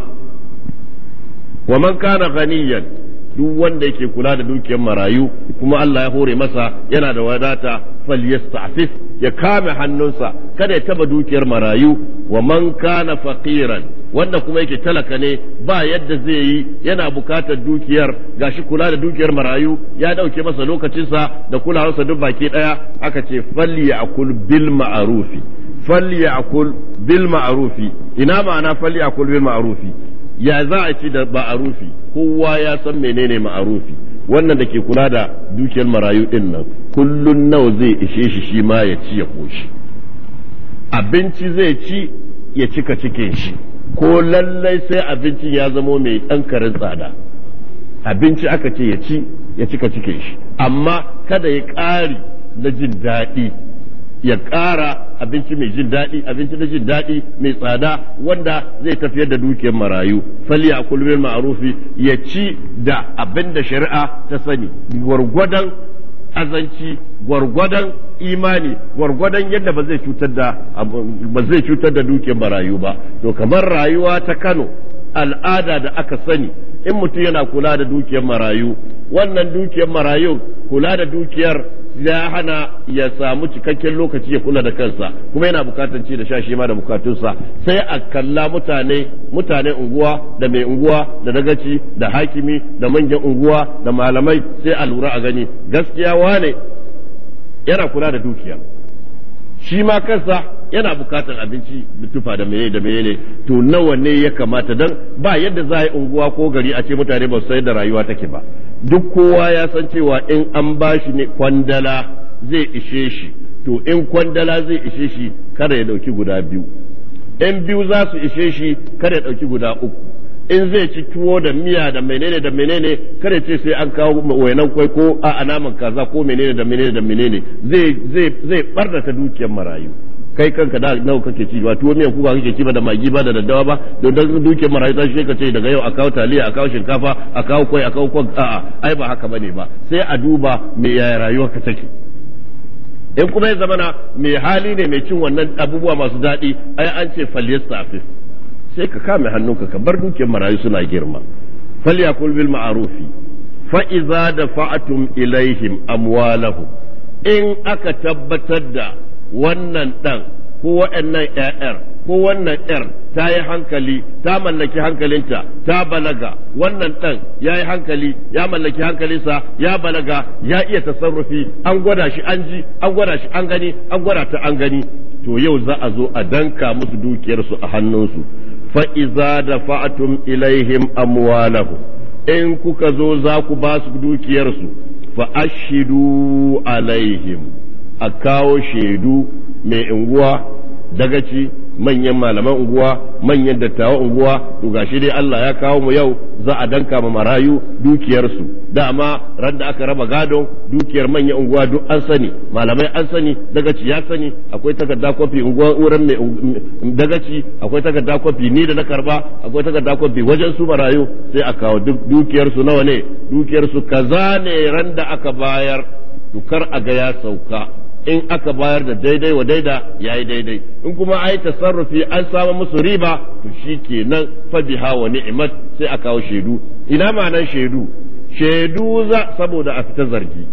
Speaker 1: wa man kana ghaniyan duk wanda yake kula da dukiyar marayu kuma Allah ya hore masa yana da wadata falyastafis ya kame hannunsa kada ya taba dukiyar marayu wa man kana faqiran wanda kuma yake talaka ne ba yadda zai yi yana bukatar dukiyar gashi kula da dukiyar marayu ya dauke masa lokacinsa da kulawarsa duk baki daya aka ce falyakul bil ma'rufi falyakul bil ma'rufi ina ma'ana falyakul bil ma'rufi ya za a ci da ma'arufi kowa ya san menene ma'arufi wannan da ke kula da dukiyar marayu din nan kullun nawa zai ishe shi shi ma ya ci ya koshi abinci zai ci ya cika cikin shi ko lallai sai abincin ya zamo mai ɗan karin tsada abinci aka ce ya ci ya cika cikin shi amma kada ya ƙari na jin daɗi ya ƙara abinci mai jin daɗi abinci na jin daɗi mai tsada wanda zai tafiyar da dukiyar marayu falya kulmin ma'arufi ya ci da abin da shari'a ta sani gwargwadon azanci gwargwadon imani gwargwadon yadda ba zai cutar da ba zai cutar da dukiyar marayu ba to kamar rayuwa ta Kano al'ada da aka sani in mutum yana kula da dukiyar marayu wannan dukiyar marayu kula da dukiyar ya hana ya samu cikakken lokaci ya kula da kansa kuma yana bukatan ci da sha shi ma da bukatunsa sai a kalla mutane mutane unguwa da mai unguwa da dagaci da hakimi da manyan unguwa da malamai sai a lura a gani gaskiya wane yana kula da dukiya shi ma kansa yana bukatar abinci da tufa da meye da meye ne to nawa ne ya kamata dan ba yadda za a yi unguwa ko gari a ce mutane ba su sayar da rayuwa take ba duk kowa ya san cewa in an ba shi ne kwandala zai ishe shi to in kwandala zai ishe shi kada ya ɗauki guda biyu in biyu za su ishe shi kada ya ɗauki guda uku in zai ci tuwo da miya da menene da menene kada ce sai an kawo wainan kwai ko a naman kaza ko menene da menene da menene zai zai zai barnata dukiyar marayu kai kanka da nawa kake ci ba tuwo miyan ba kake ci ba da magi ba da daddawa ba don dan duke marayu ta ka kace daga yau a kawo taliya a kawo shinkafa a kawo kwai a kawo kwan a'a ai ba haka bane ba sai a duba me yaya rayuwa ka take in kuma ya zamana mai hali ne mai cin wannan abubuwa masu daɗi ai an ce falyastafif sai ka kame hannunka ka bar duke marayu suna girma falyakul bil ma'rufi fa iza dafa'tum ilaihim amwalahum in aka tabbatar da wannan ɗan ko waɗannan ‘ya'yar ko wannan ‘yar ta yi hankali ta mallaki hankalinta ta balaga wannan ɗan ya yi hankali ya mallaki hankalinsa ya balaga ya iya tasarrufi an gwada shi an ji an gwada shi an gani an gwada ta an gani to yau za a zo a danka musu dukiyarsu a hannunsu fa'iza da fa'atun ilaihim amwalahu in kuka zo za ku ba su dukiyarsu fa'ashidu alaihim a kawo shaidu mai unguwa dagaci manyan malaman unguwa manyan dattawan unguwa to gashi dai Allah ya kawo mu yau za a danka ma marayu dukiyarsu dama ran da aka raba gadon dukiyar manyan unguwa duk an sani malamai an sani dagaci ya sani akwai takarda kofi unguwa uran mai dagaci akwai takarda kofi ni da na karba akwai takarda kofi wajen su marayu sai a kawo duk dukiyarsu nawa ne dukiyarsu kaza ne ran da aka bayar dukar a ga ya sauka in aka bayar da daidai wa daida yayi daidai in kuma a yi tasarrufi an samu musu riba to shi ke fa biha hawa ni'mat sai a kawo shaidu ina ma'anar shaidu shaidu za saboda a fita zargi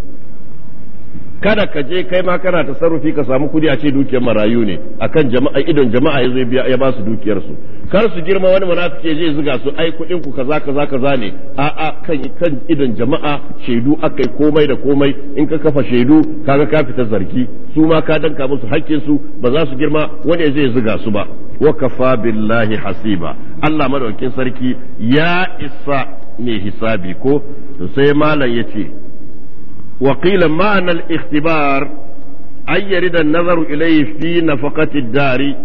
Speaker 1: kada ka je kai ma kana tasarrufi ka samu kudi a ce dukiyar marayu ne akan jama'a idon jama'a ya biya ya ba su dukiyar su kar su girma wani munafiki zai zuga su ai kuɗin ku kaza kaza kaza ne a a kan kan idan jama'a shaidu akai komai da komai in ka kafa shaidu kaga ka fita zargi su ma ka danka musu hakkin su ba za su girma wani zai zuga su ba wa kafa billahi hasiba Allah madaukin sarki ya isa ne hisabi ko to sai malam yace wa qila ma'anar al-ikhtibar ay da nazaru ilayhi fi nafaqati ad-dari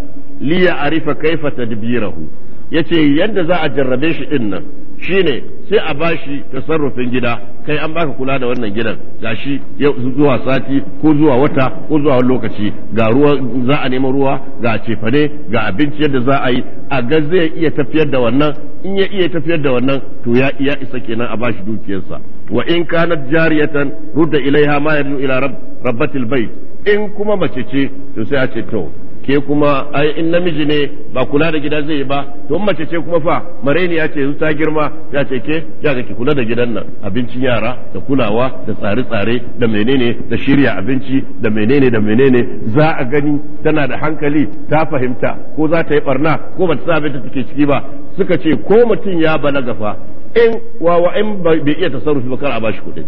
Speaker 1: li ya'rifa kaifa tadbirahu yace yadda za a jarrabe shi din nan shine sai a bashi tasarrufin gida kai an baka kula da wannan gidan gashi zuwa sati ko zuwa wata ko zuwa wani lokaci ga ruwa za a nemi ruwa ga cefane ga abinci yadda za a yi a ga zai iya tafiyar da wannan in ya iya tafiyar da wannan to ya iya isa kenan a bashi dukiyarsa wa in kanat jariyatan rudda ilaiha ma yadu ila rabbatil bayt in kuma mace ce to sai a ce to ke kuma ai in namiji ne ba kula da gida zai yi ba to mace ce kuma fa mareni ya ce yanzu ta girma ya ce ke ya ga ki kula da gidan nan abincin yara da kulawa da tsare-tsare da menene da shirya abinci da menene da menene za a gani tana da hankali ta fahimta ko za ta yi barna ko ba ta sa abin take ciki ba suka ce ko mutum ya balaga fa in wawa in bai iya tasarrufi ba kar a bashi kuɗi.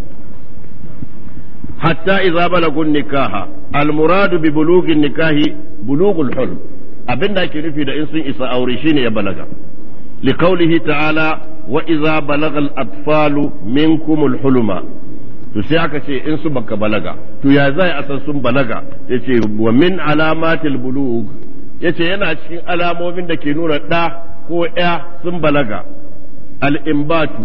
Speaker 1: hatta idza balagun nikaha almuradu bi bulugin nikahi bulugun hulm abinda ake nufi da in isa aure shine ya balaga liqaulihi ta'ala wa idza balaga atfalu minkum al to sai aka ce in su baka balaga to ya zai balaga yace alamatil bulug yace yana cikin alamomi da ke nuna ɗa ko ya sun balaga al'imbatu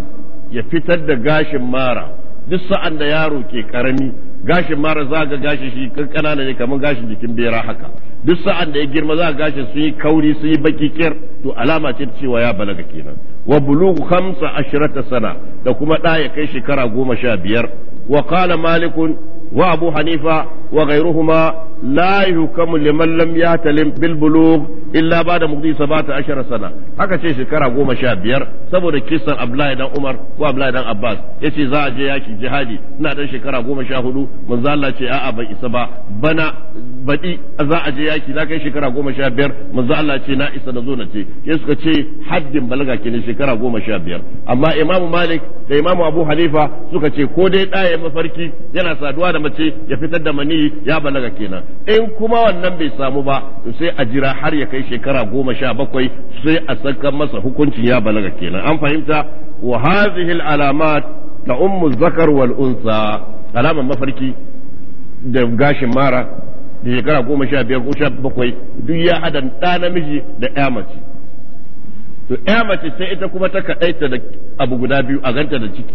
Speaker 1: ya fitar da gashin mara duk sa'an da yaro ke karami gashin mara za ga gashin shi kankana ne kamar gashin jikin bera haka duk sa'an da ya girma za ga gashin sun yi kauri sun yi baki kyar to alama ce ta cewa ya balaga kenan wa bulugu khamsa ashrata sana da kuma da ya kai shekara goma sha biyar wa qala malikun wa abu hanifa wa ghayruhuma la yukamu liman lam yatalim bil bulugh illa ba da mugdi sabata ashara sana aka ce shekara goma sha biyar saboda kisan abdullahi dan umar ko abdullahi dan abbas yace za a je yaki jihadi ina dan shekara goma sha hudu manzo Allah ce a'a bai isa ba bana baɗi za a je yaki na kai shekara goma sha biyar manzo Allah ce na isa na zo na ce ya suka ce haddin balaga ke ne shekara goma sha biyar amma imamu malik da imamu abu hanifa suka ce ko dai ɗaya mafarki yana saduwa da mace ya fitar da mani ya balaga kenan in kuma wannan bai samu ba sai a jira har ya kai kai shekara goma sha bakwai sai a saka masa hukuncin ya balaga kenan an fahimta wa hadhihi alamat ta ummu zakar wal unsa alaman mafarki da gashin mara da shekara goma sha biyar ko sha bakwai duk ya hada ɗa namiji da ƴa mace to ƴa mace sai ita kuma ta kaɗaita da abu guda biyu a ganta da ciki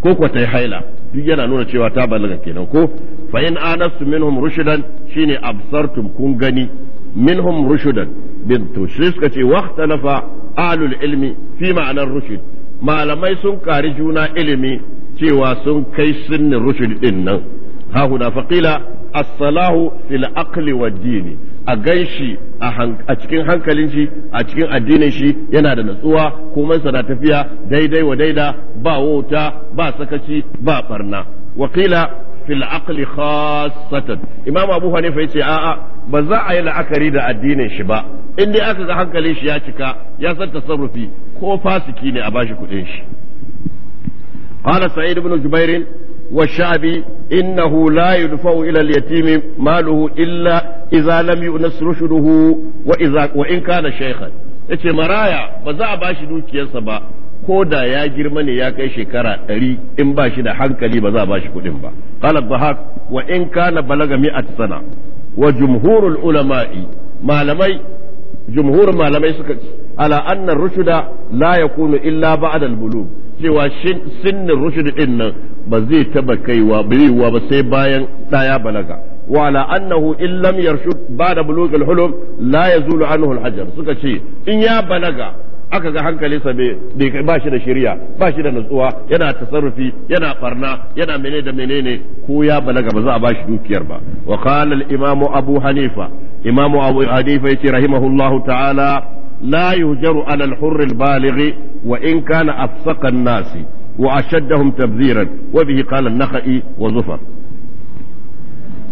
Speaker 1: ko kuwa ta yi haila duk yana nuna cewa ta balaga kenan ko fa in anastu minhum rushdan shine absartum kun gani minhum rushudan bintu shi suka ce waqtalafa ahlul ilmi fi ma'anar rushd malamai sun kari juna ilimi cewa sun kai sunnin rushd din nan ha huna faqila as-salahu fil aqli wad dini a ganshi a cikin hankalin shi a cikin addinin shi yana da natsuwa komai sa na tafiya daidai wa daida ba wauta ba sakaci ba barna waqila fil aqli khassatan imam abu hanifa yace a'a ba za a yi la'akari da addinin shi ba in dai aka ga hankalin shi ya cika ya san tasarrufi ko fasiki ne a bashi kuɗin shi qala sa'id ibn jubair wa sha'bi innahu la yudfa'u ila al-yatim maluhu illa idza lam yunas wa idza wa in kana yace maraya ba za a bashi dukiyarsa ba ko da ya girma ne ya kai shekara ɗari in ba shi da hankali ba za a ba shi kuɗin ba qala dhahak wa in kana balaga mi'at sana wa jumhurul ulama'i malamai jumhur malamai suka ala anna rushuda la yakunu illa ba'da al-bulugh cewa sinnin rushd din nan ba zai taba kaiwa baiwa ba sai bayan ɗaya balaga wa ala annahu in lam yarshud ba'da bulugh al-hulum la yazulu anhu al-hajar suka ce in ya balaga aka ga hankalinsa bai shi da shirya bashi da nutsuwa yana tasarrufi yana barna yana menene da menene ko ya balaga ba za a ba shi dukiyar ba wa qala al imamu abu hanifa imamu abu hanifa yace rahimahullahu ta'ala la yujaru ala al hurr al baligh wa in kana afsaqa an nas wa ashaddahum tabdhiran wa bihi qala an-nakhai wa zufar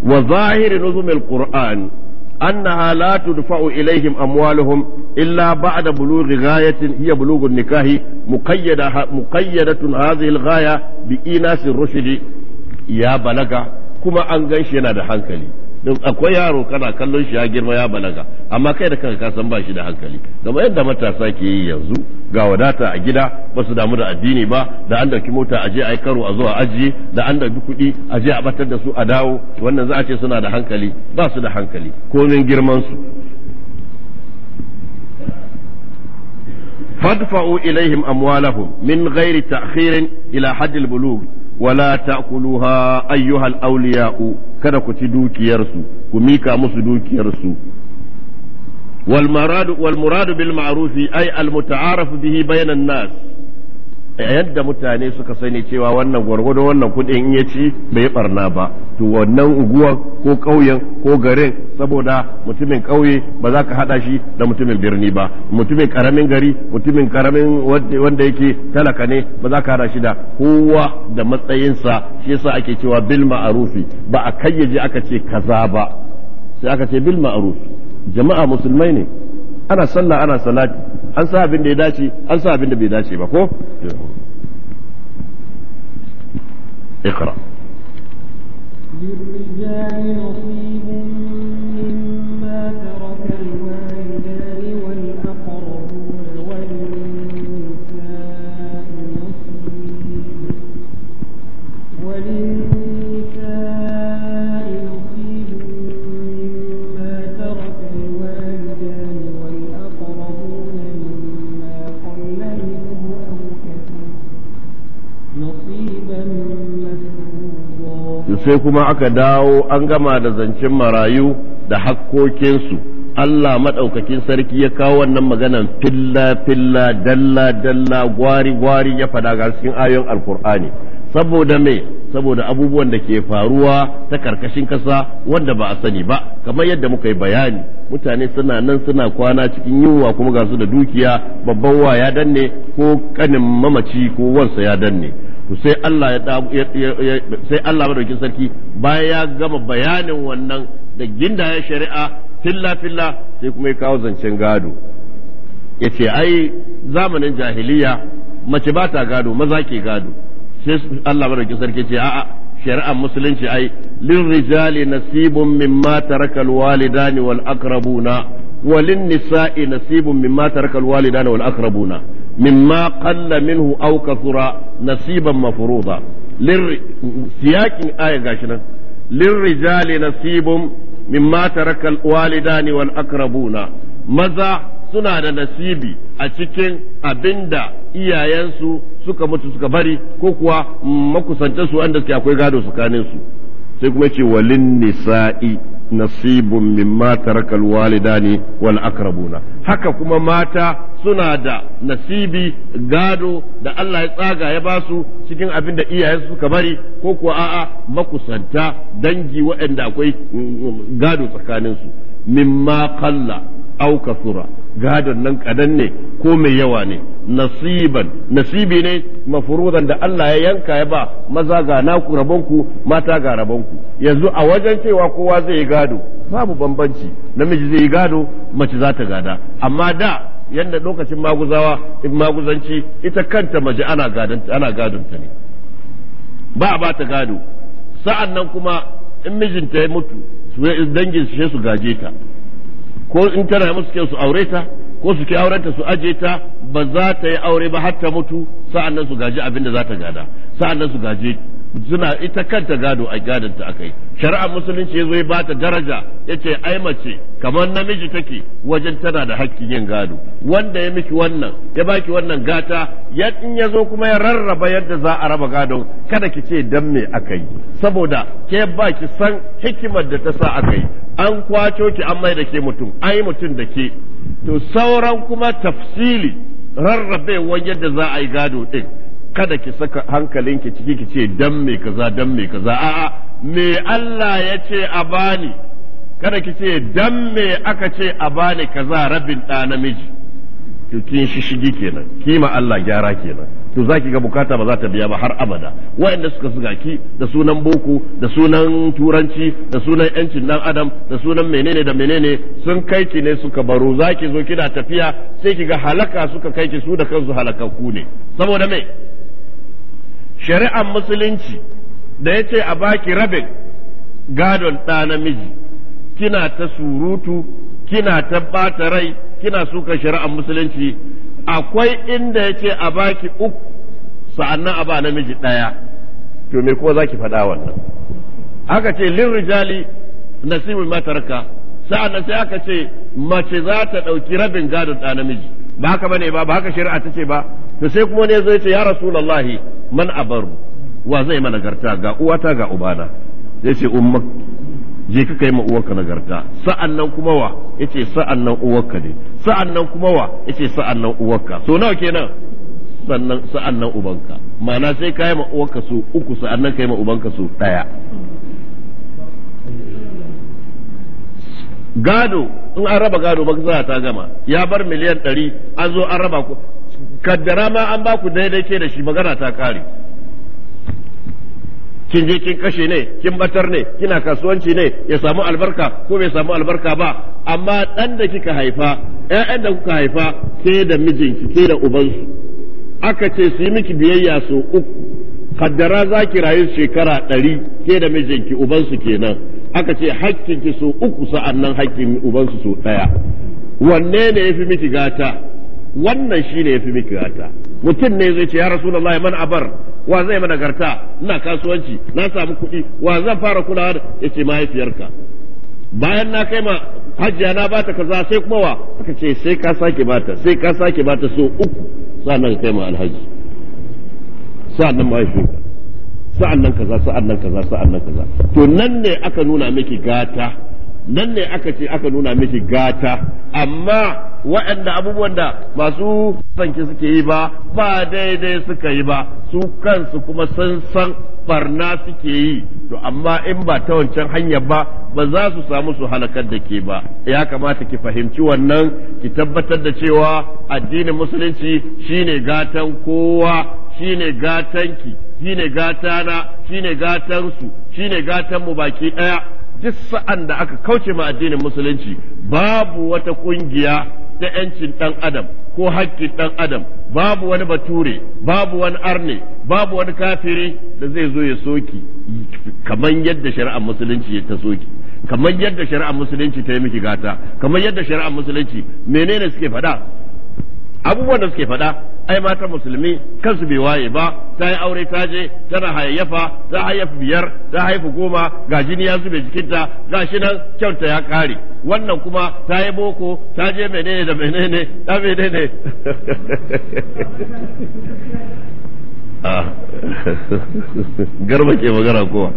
Speaker 1: wa zahiri nuzum Kur'ani. أنها لا تدفع إليهم أموالهم إلا بعد بلوغ غاية هي بلوغ النكاح مقيدة, مقيدة هذه الغاية بإيناس الرشد يا بلغ كما أنغيش ينادى حنكلي akwai yaro kana kallon shi ya girma ya balaga amma kai da kanka ka san ba shi da hankali kamar yadda matasa ke yi yanzu ga wadata a gida ba su damu da addini ba da an dauki mota a je a yi karo a zo a ajiye da an dauki kuɗi a je a batar da su a dawo wannan za a ce suna da hankali ba su da hankali komin girman su fadfa'u ilaihim amwalahum min ghairi ta'khirin ila haddil bulugh wala ta'kuluha ayyuhal awliya'u kada ku ci dukiyarsu ku mika musu dukiyarsu walmuradu bil ma'arufi ay al muta'arafu bihi bayanan nas yadda mutane suka sani cewa wannan gwargwado wannan kudin in ya ci bai barna ba to wannan uguwa ko ƙauyen ko garin saboda mutumin ƙauye ba za ka haɗa shi da mutumin birni ba mutumin ƙaramin gari mutumin ƙaramin wanda yake talaka ne ba za ka haɗa shi da kowa da matsayinsa shi yasa ake cewa bil ma'arufi ba a kayyaje aka ce kaza ba sai aka ce bil ma'aruf jama'a musulmai ne ana sallah ana salati an sa abin da ya dace an sa abin da bai dace ba ko اقرأ
Speaker 2: للرجال نصيب sai kuma aka
Speaker 1: dawo an gama da zancen marayu da hakkokinsu Allah maɗaukakin sarki ya kawo wannan maganan filla-filla dalla-dalla gwari-gwari ya faɗa ga cikin ayon alkur'ani saboda me saboda abubuwan da ke faruwa ta karkashin ƙasa wanda ba a sani ba kamar yadda muka yi bayani mutane suna nan suna kwana cikin yunwa kuma ga da dukiya babban wa ya danne ko kanin mamaci ko wansa ya danne to sai Allah ya sai Allah madaukin sarki bayan ya gama bayanin wannan da gindaya shari'a filla filla sai kuma ya kawo zancen gado ya ce ai zamanin jahiliya mace ba ta gado maza ke gado sai Allah madaukin sarki ce a'a shari'ar musulunci ai rijali nasibun mimma tarakal walidani wal aqrabuna walin nisa'i nasibun mimma tarakal walidani wal aqrabuna مما قل منه أو كثر نصيبا مفروضا لر... سياق آية قاشنا للرجال نصيب مما ترك الوالدان والأقربون ماذا suna da nasibi a cikin abinda iyayensu suka mutu suka bari ko kuwa makusantansu wanda suke akwai gado tsakaninsu sai kuma ce walin nisa'i nasibun mimma tarakal wani wal akrabuna haka kuma mata suna da nasibi gado da Allah ya tsaga ya basu cikin abin da iyayen suka bari ko kuwa a'a makusanta dangi waɗanda akwai mm, mm, gado tsakaninsu mimma qalla au kasura gadon nan kadan ne ko mai yawa ne nasiban nasibi ne mafurudan da Allah ya yanka ya ba maza ga naku ku, mata ga rabonku yanzu a wajen cewa kowa zai yi gado babu bambanci namiji zai yi gado mace za ta gada amma da yadda lokacin maguzawa in maguzanci ita kanta mace ana gadonta ne ba a ba ta gado sa'an nan kuma in mijinta ya mutu dangin su gaje ta ko in tana musu ke su aure ta ko su aure aurenta su aje ta ba za ta yi aure ba har ta mutu sa'annan su gaji abin da za ta gada sa'annan su gaji suna ita kanta gado a gadonta akai shari'ar musulunci ya ba ya bata daraja yace ai mace kamar namiji take wajen tana da hakkin yin gado wanda ya miki wannan ya baki wannan gata ya in yazo kuma ya rarraba yadda za a raba gado kada ki ce dan me akai saboda ke baki san hikimar da ta sa akai kai. an kwaco ki an mai da ke mutum ai mutum da ke to sauran kuma tafsili rarrabewar yadda za a yi gado din kada ki saka hankalinki ciki ki ce dan me kaza dan me kaza a'a me Allah ya ce a bani kada ki ce dan me aka ce a bani kaza rabin ɗa namiji kin shi shigi kenan kima Allah gyara kenan to za ki ga bukata ba za ta biya ba har abada waɗanda suka suga ki da sunan boko da sunan turanci da sunan yancin dan adam da sunan menene da menene sun kai ki ne suka baro za ki zo kina tafiya sai ki ga halaka suka kai ki su da kansu halakakku ne saboda me shari'ar musulunci da ya ce a baki rabin gadon ɗa namiji kina ta surutu kina ta ɓata rai kina suka shari'ar musulunci akwai inda yace a baki uku sa'annan a ba namiji ɗaya to me kuma zaki faɗa wannan aka ce lin rijali nasibul matarka sa'annan sai aka ce mace za ta ɗauki rabin gadon da namiji ba haka bane ba ba haka shari'a ta ce ba to sai kuma ne zai ce ya rasulullahi man abaru wa zai mana garta ga uwata ga ubana sai ce ummak je ka kai ma uwarka nagarta sa'an nan kuma wa yace sa'an nan uwarka ne sa'an nan kuma wa yace sa'an nan uwarka so nawa kenan sannan sa'an nan ubanka ma'ana sai ka yi ma uwarka su uku sa'an nan ka yi ma ubanka su daya gado in an raba gado ba za ta gama ya bar miliyan ɗari an zo an raba ku kaddara ma an ba ku daidai ke da shi magana ta kare kin je kin kashe ne kin batar ne kina kasuwanci ne ya samu albarka ko bai samu albarka ba amma dan da kika haifa ƴaƴan da kuka haifa ke da mijinki ke da ubansu aka ce su yi miki biyayya su uku kaddara za ki rayu shekara ɗari ke da mijinki ubansu kenan aka ce hakkinki su uku sa'an nan hakkin ubansu su ɗaya wanne ne ya fi miki gata wannan shi ne ya fi miki gata mutum ne zai ce ya rasulullahi man abar wa zai mana garta ina kasuwanci na samu kuɗi wa zan fara kulawa da yace mahaifiyarka bayan na kai ma hajjiya na bata kaza sai kuma wa aka ce sai ka sake bata sai ka sake bata so uku sa'annan kai ma alhaji sa'annan mahaifiyarka sa'annan kaza sa'annan kaza sa'annan kaza to nan ne aka nuna miki gata nan ne aka ce aka nuna miki gata amma waɗanda abubuwan da masu sanki suke yi ba ba daidai suka yi ba su kansu kuma sun san barna suke yi to amma in ba ta wancan hanyar ba ba za su samu su halakar da ke ba ya kamata ki fahimci wannan ki tabbatar da cewa addinin musulunci shine gatan kowa shine gatanki shine gatana shine gatansu shine gatan mu baki ɗaya duk sa'an da aka kauce ma addinin musulunci babu wata ƙungiya ta yancin ɗan adam ko haƙƙin ɗan adam babu wani bature babu wani arne babu wani kafiri da zai zo ya soki kamar yadda shari'ar musulunci ta soki kamar yadda shari'ar musulunci ta yi miki gata kamar yadda shari'ar musulunci menene suke faɗa abubuwan da suke faɗa ai mata musulmi kansu bai waye ba ta yi aure ta je tana hayayyafa ta hayayyafa biyar ta haifu goma ga jini ya zube jikinta ga shi nan kyauta ya kare wannan kuma ta yi boko ta je menene da menene ta menene *laughs* ah. *laughs* garba ke magana kowa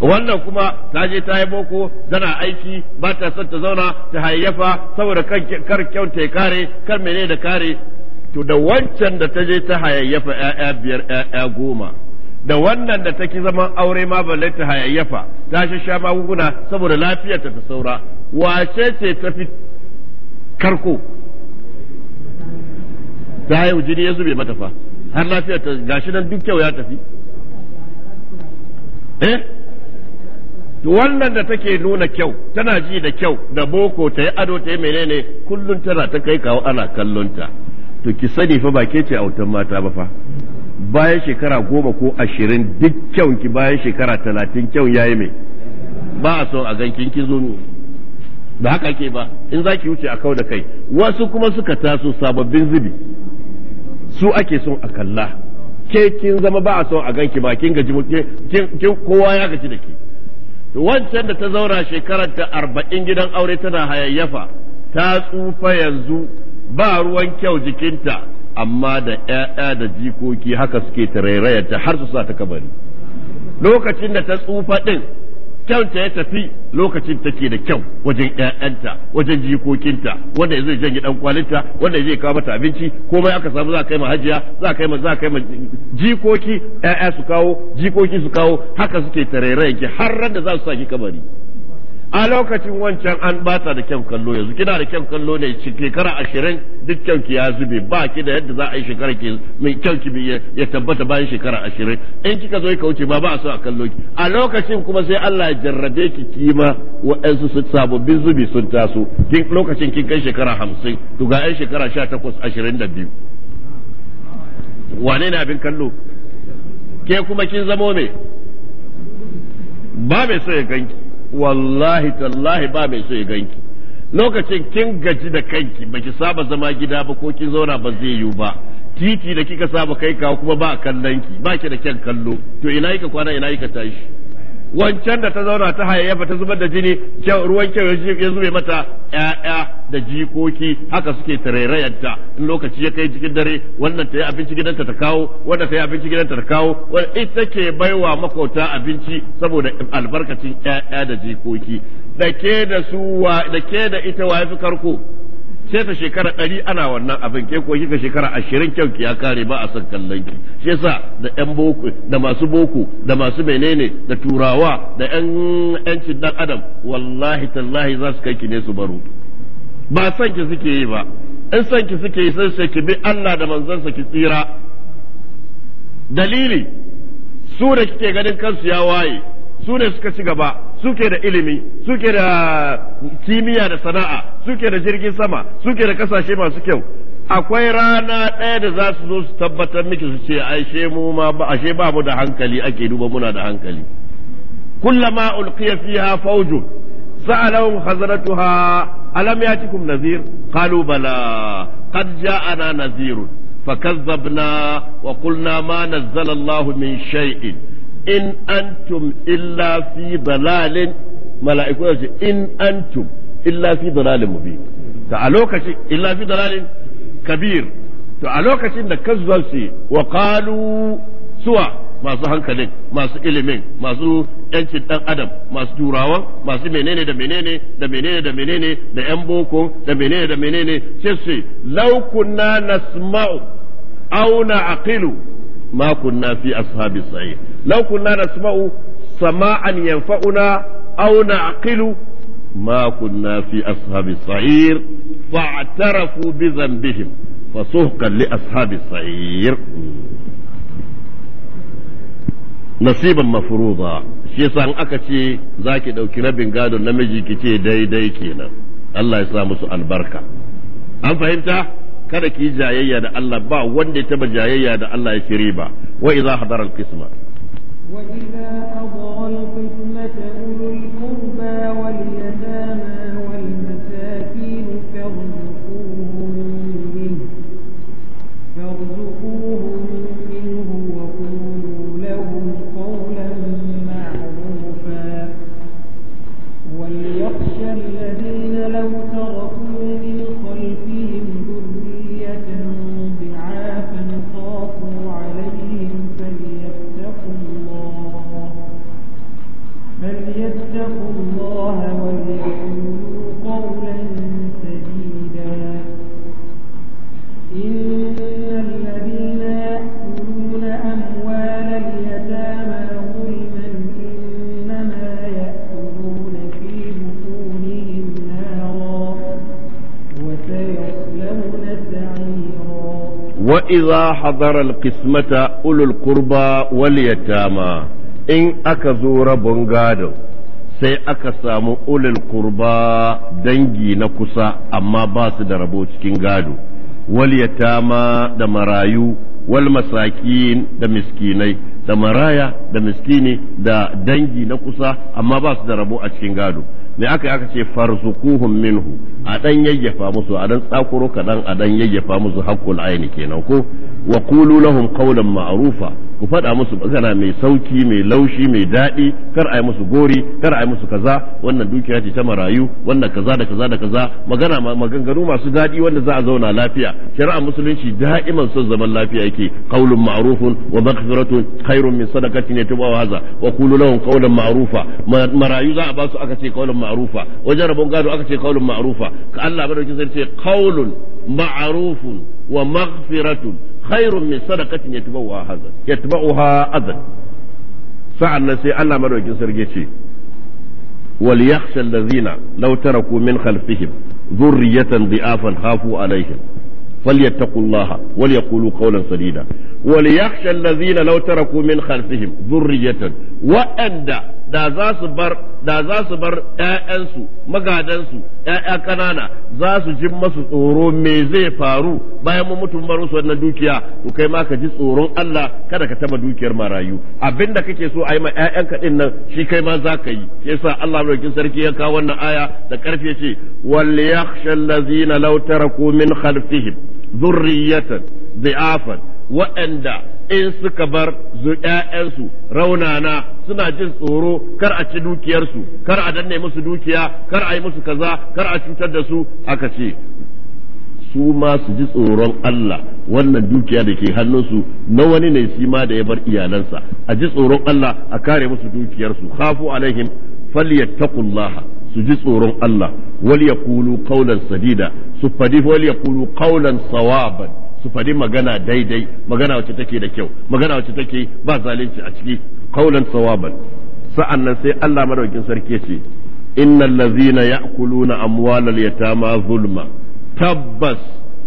Speaker 1: wannan kuma ta je ta yi boko tana aiki ba ta son ta zauna ta hayyafa saboda kar kyauta ya kare kar mene da kare to da wancan da ta je ta hayayyafa ‘ya'ya biyar ‘ya'ya goma da wannan da take zaman aure ma balle ta hayayyafa ta sha magunguna saboda lafiyarta ta saura wace ce ta fi karko ta haihu jini ya zube mata fa har lafiyarta gashi nan duk kyau ya tafi eh wannan da take nuna kyau tana ji da kyau da boko ta yi ado ta yi menene kullum tana ta kai kawo ana kallonta to ki sani fa ba ke ce autan mata ba fa bayan shekara goma ko ashirin duk kyau ki bayan shekara talatin kyau ya yi mai ba a so a gankin ki zo ba haka ke ba in za ki wuce a kau da kai wasu kuma suka taso sababbin zubi su ake son a kalla ke kin zama ba a son a ganki ba kin gaji kin kowa ya gaji da ke wancan da ta zauna shekarar ta arba'in gidan aure tana hayayyafa ta tsufa yanzu ba ruwan kyau jikinta amma da ƴaƴa da jikoki haka suke ta ta har su sa ta kabari lokacin da ta tsufa ɗin Kyauta ya tafi lokacin take da kyau wajen ƴaƴanta wajen jikokinta wanda zai janye dan kwalinta wanda zai kawo mata abinci komai aka samu za kai ma hajiya za kai ma za kai ma jikoki ƴaƴa su kawo jikoki su kawo haka suke tarairayen ki har ran da za su saki kabari a lokacin wancan an bata da kyan kallo yanzu kina da kyan kallo ne shekara ashirin duk kyanki ya zube ba ki da yadda za a yi shekara ki mai kyanki ya tabbata bayan shekara ashirin in kika zo ka wuce ma ba a so a kallo ki a lokacin kuma sai Allah ya jarrabe ki kima wa'ansu su sababbin zubi sun taso kin lokacin kin kai shekara hamsin to ga yan shekara sha takwas ashirin da biyu wane ne abin kallo ke kuma kin zamo me ba mai so ya ganki wallahi tallahi ba mai so ya ganki lokacin kin gaji da kanki baki saba zama gida ba ko kin zauna ba zai yiwu ba titi da kika saba kai kawo kuma ba kallon ki ba ki da kyan kallo to ina yi ka kwana ina yi ka tashi wancan da ta zauna ta hayayyafa ta zubar da jini ruwan kyau ya zube mata yaya da jikoki haka suke tarairayanta in lokaci ya kai cikin dare wannan ta yi abinci gidanta ta kawo wannan ta yi abinci gidanta ta kawo ita ke baiwa makota abinci saboda albarkacin yaya da jikoki da ke da su da ke da ita wa fi karko sai ta shekara ɗari ana wannan abin ke ko kika shekara ashirin kyau ki ya kare ba a son kallon ki shi yasa da yan boko da masu boko da masu menene da turawa da yan yancin dan adam wallahi tallahi za su kai ki ne su baro ba son ki suke yi ba in son ki suke yi sai ki bi Allah da manzansa ki tsira dalili su da kike ganin kansu ya waye su ne suka ci gaba suke da ilimi suke da kimiyya da sana'a suke da jirgin sama suke da kasashe masu kyau akwai rana ɗaya da za su zo su tabbatar miki su ce aishe mu ma ba ashe ba mu da hankali ake duba muna da hankali kullama ulqiya fiha fawjun sa'alahum khazratuha alam yatikum nazir qalu bala qad ja'ana nazirun wa qulna ma nazzala allah min shay'in in antum illa fi dalalin mala'iku ce in antum illa fi dalalin mubin to a lokacin illa fi dalalin kabir to a lokacin da kazzal su wa qalu suwa masu hankalin masu ilimin masu yancin dan adam masu turawan masu menene da menene da menene da menene da yan boko da menene da menene sai su law kunna nasma'u aw na'qilu ma kunna fi ashabis sa'ir law da nasma'u sama'an yanfa'una aw na'qilu kilu, kunna fi ashabi sa'ir fa'tarafu bi dhanbihim fasuhqan li ashabi sa'ir shi yasa in aka ce zaki ɗauki rabin gadon namiji kice daidai kenan Allah ya sa musu albarka an fahimta kada ki jayayya da Allah ba wanda ya taba jayayya da Allah ya shiri ba wa idza hadara al-qisma
Speaker 2: وإذا حضر القسمة أولو القربى واليتامى فاتقوا الله وليقولوا قولا سديدا إن الذين يأكلون أموال اليتامى ظلما إنما يأكلون في بطونهم نارا وسيصلون سعيرا
Speaker 1: وإذا حضر القسمة أولو القربى واليتامى in aka zo rabon gado sai aka samu ulul kurba dangi na kusa amma ba su da rabo cikin gado wal yatama da marayu wal masakin da miskinai da maraya da miskini da dangi na kusa amma ba su da rabo a cikin gado me aka aka ce farzuquhum minhu a dan yayyafa musu a dan tsakuro kadan a dan yayyafa musu haqqul aini kenan ko wa qulu lahum qawlan ma'rufa ku faɗa musu magana mai sauki mai laushi mai daɗi kar a yi musu gori kar a yi musu kaza wannan dukiya ce ta marayu wannan kaza da kaza da kaza magana maganganu masu daɗi wanda za a zauna lafiya shari'a musulunci da'iman son zaman lafiya yake qaulun ma'rufun wa maghfiratun khairun min sadaqatin yatba'u hadha wa qulu lahum qaulan ma'rufa marayu za a ba aka ce qaulun ma'rufa wajen rabon gado aka ce qaulun ma'rufa ka Allah madaukin sai ce qaulun ma'rufun wa maghfiratun khairun min sadaqatin yatba'uha hazan yatba'uha azan sa'an nan sai Allah madaukin sarki ce wal yakhsha allazina law taraku min khalfihim dhurriyatan dhi'afan khafu alaihim فليتقوا الله وليقولوا قولا سديدا وليخشى الذين لو تركوا من خلفهم ذرية وأندى da za su bar da za su bar magadansu yaya ƙanana za su ji masu tsoro me zai faru bayan mu mutum bar su wannan dukiya to kai ma ka ji tsoron Allah kada ka taba dukiyar marayu abinda kake so a yi ma yayan din nan shi kai ma za ka yi sa Allah madaukakin sarki ya kawo wannan aya da karfe ce wal yakhshal ladzina law taraku min khalfihim dhurriyatan dha'afan waɗanda in suka bar ‘ya'yansu raunana suna jin tsoro kar a ci dukiyarsu kar a danne musu dukiya kar a yi musu kaza kar a cutar da su aka ce su ma su ji tsoron Allah wannan dukiya da ke hannunsu na wani ne shi ma da ya bar iyalansa a ji tsoron Allah a kare musu dukiyarsu khafu alaihim falyattaqullaha su ji tsoron Allah wal yaqulu qawlan sadida su fadi wal yaqulu qawlan sawaban su faɗi magana daidai magana wacce take da kyau magana wacce take ba zalunci a ciki kaulan sawaban sa'an nan sai Allah madaukin sarki ce innal ladzina ya'kuluna amwalal yatama zulma tabbas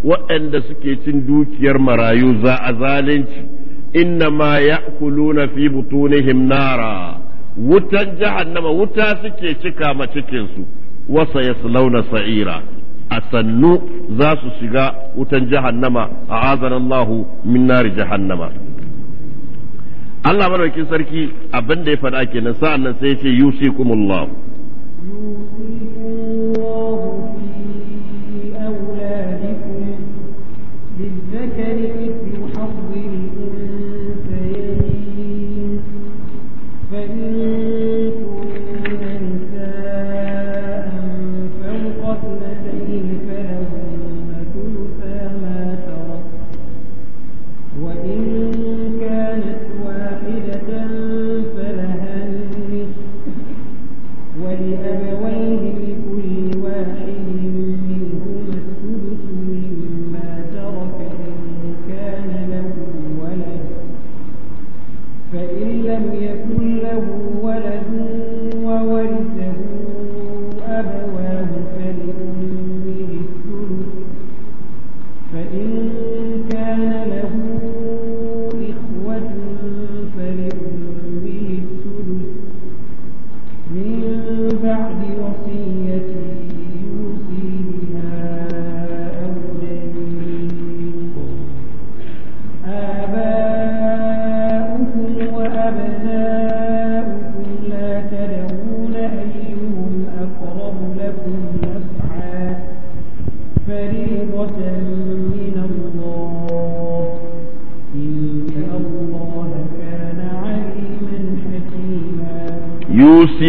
Speaker 1: waɗanda suke cin dukiyar marayu za a zalunci Inna innama ya'kuluna fi butunihim nara wutan jahannama wuta suke cika ma cikin su wasa yaslauna sa'ira a za su shiga wutan jahannama a azanallahu min nari jahannama Allah madaukin sarki abin da ya faɗa kenan sa'an nan sai ya ce yusikumullahu yusikumullahu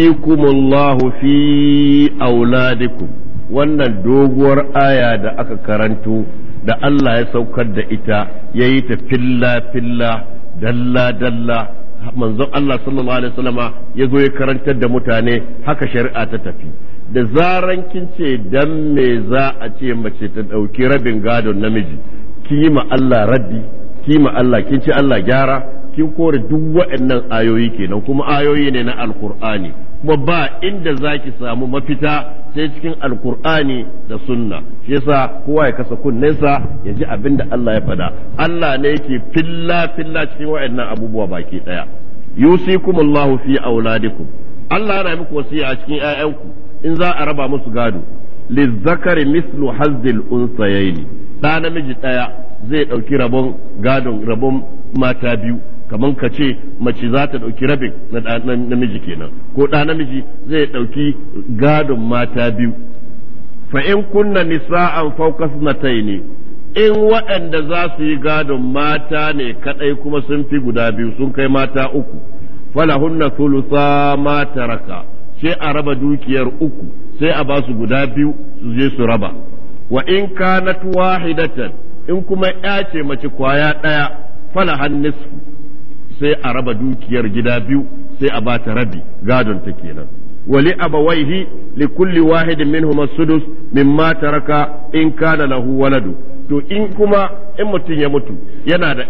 Speaker 1: yuwaffikumullahu fi auladikum wannan doguwar aya da aka karanto da Allah ya saukar da ita ya yi ta filla filla dalla dalla manzon Allah sallallahu alaihi wasallama ya zo ya karantar da mutane haka shari'a ta tafi da zaran kin ce dan me za a ce mace ta ɗauki rabin gadon namiji kima Allah rabbi kima Allah kin ce Allah gyara kin kore duk waɗannan ayoyi kenan kuma ayoyi ne na alkur'ani kuma ba inda zaki samu mafita sai cikin alkur'ani da sunna shi yasa kowa ya kasa kunnensa ya ji abin da Allah ya faɗa Allah ne yake filla filla cikin waɗannan abubuwa baki ɗaya yusikumullahu fi auladikum Allah yana muku wasiya cikin ƴaƴanku in za a raba musu gado lizzakari mislu hazzil unsayaini ɗa namiji ɗaya zai ɗauki rabon gadon rabon mata biyu kamar ka ce mace za ta ɗauki rabin na namiji kenan ko ɗa namiji zai ɗauki gadon mata biyu fa in kunna nisa'an fawqa ne in waɗanda za su yi gadon mata ne kaɗai kuma sun fi guda biyu sun kai mata uku falahunna thulutha mata raka, sai a raba dukiyar uku sai a ba su guda biyu su je su raba wa in kanat wahidatan in kuma ya ce mace kwaya ɗaya falahan nisfu sai a raba dukiyar gida biyu sai a bata rabi gadon ta kenan wali abawaihi li kulli wahidin minhum sudus mimma taraka in kana lahu waladu to in kuma in mutum ya mutu yana da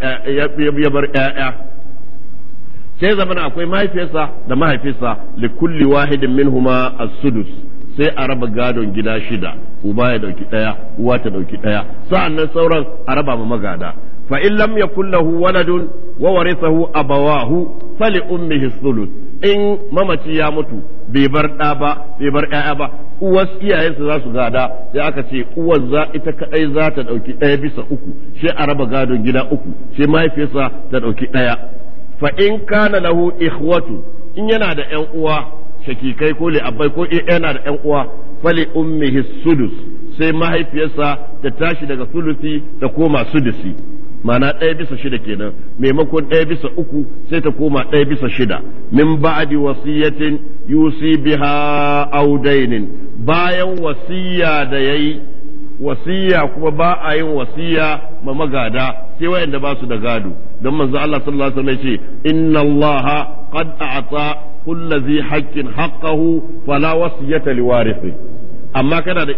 Speaker 1: ya bar ƴaƴa sai zamana akwai mahaifiyarsa da mahaifinsa li kulli wahidin minhum as-sudus sai a raba gadon gida shida uba ya dauki daya uwa ta dauki daya sa'annan sauran a raba ma magada fa in lam yakul lahu waladun wa warithahu abawahu fali ummihi thuluth in mamaci ya mutu bai bar ɗa ba ba uwar iyayensa za su gada sai aka ce uwar za ita kadai za ta ɗauki ɗaya bisa uku sai a raba gadon gida uku sai mahaifiyarsa ta ɗauki ɗaya fa in kana lahu ikhwatu in yana da yan uwa shakikai ko li'abbai ko yana da yan uwa fali ummihi sudus sai mahaifiyarsa ta tashi daga sulusi ta koma sudusi ma'ana ɗaya bisa shida kenan maimakon ɗaya bisa uku sai ta koma ɗaya bisa shida min ba'adi wasiyatin yusi biha audainin bayan wasiya da yayi wasiya kuma ba a yin wasiya ma magada sai wayanda ba su da gado don manzo Allah sallallahu alaihi wasallam yace inna Allah qad a'ta kulli dhi haqqin haqqahu fala wasiyata liwarithi amma kana da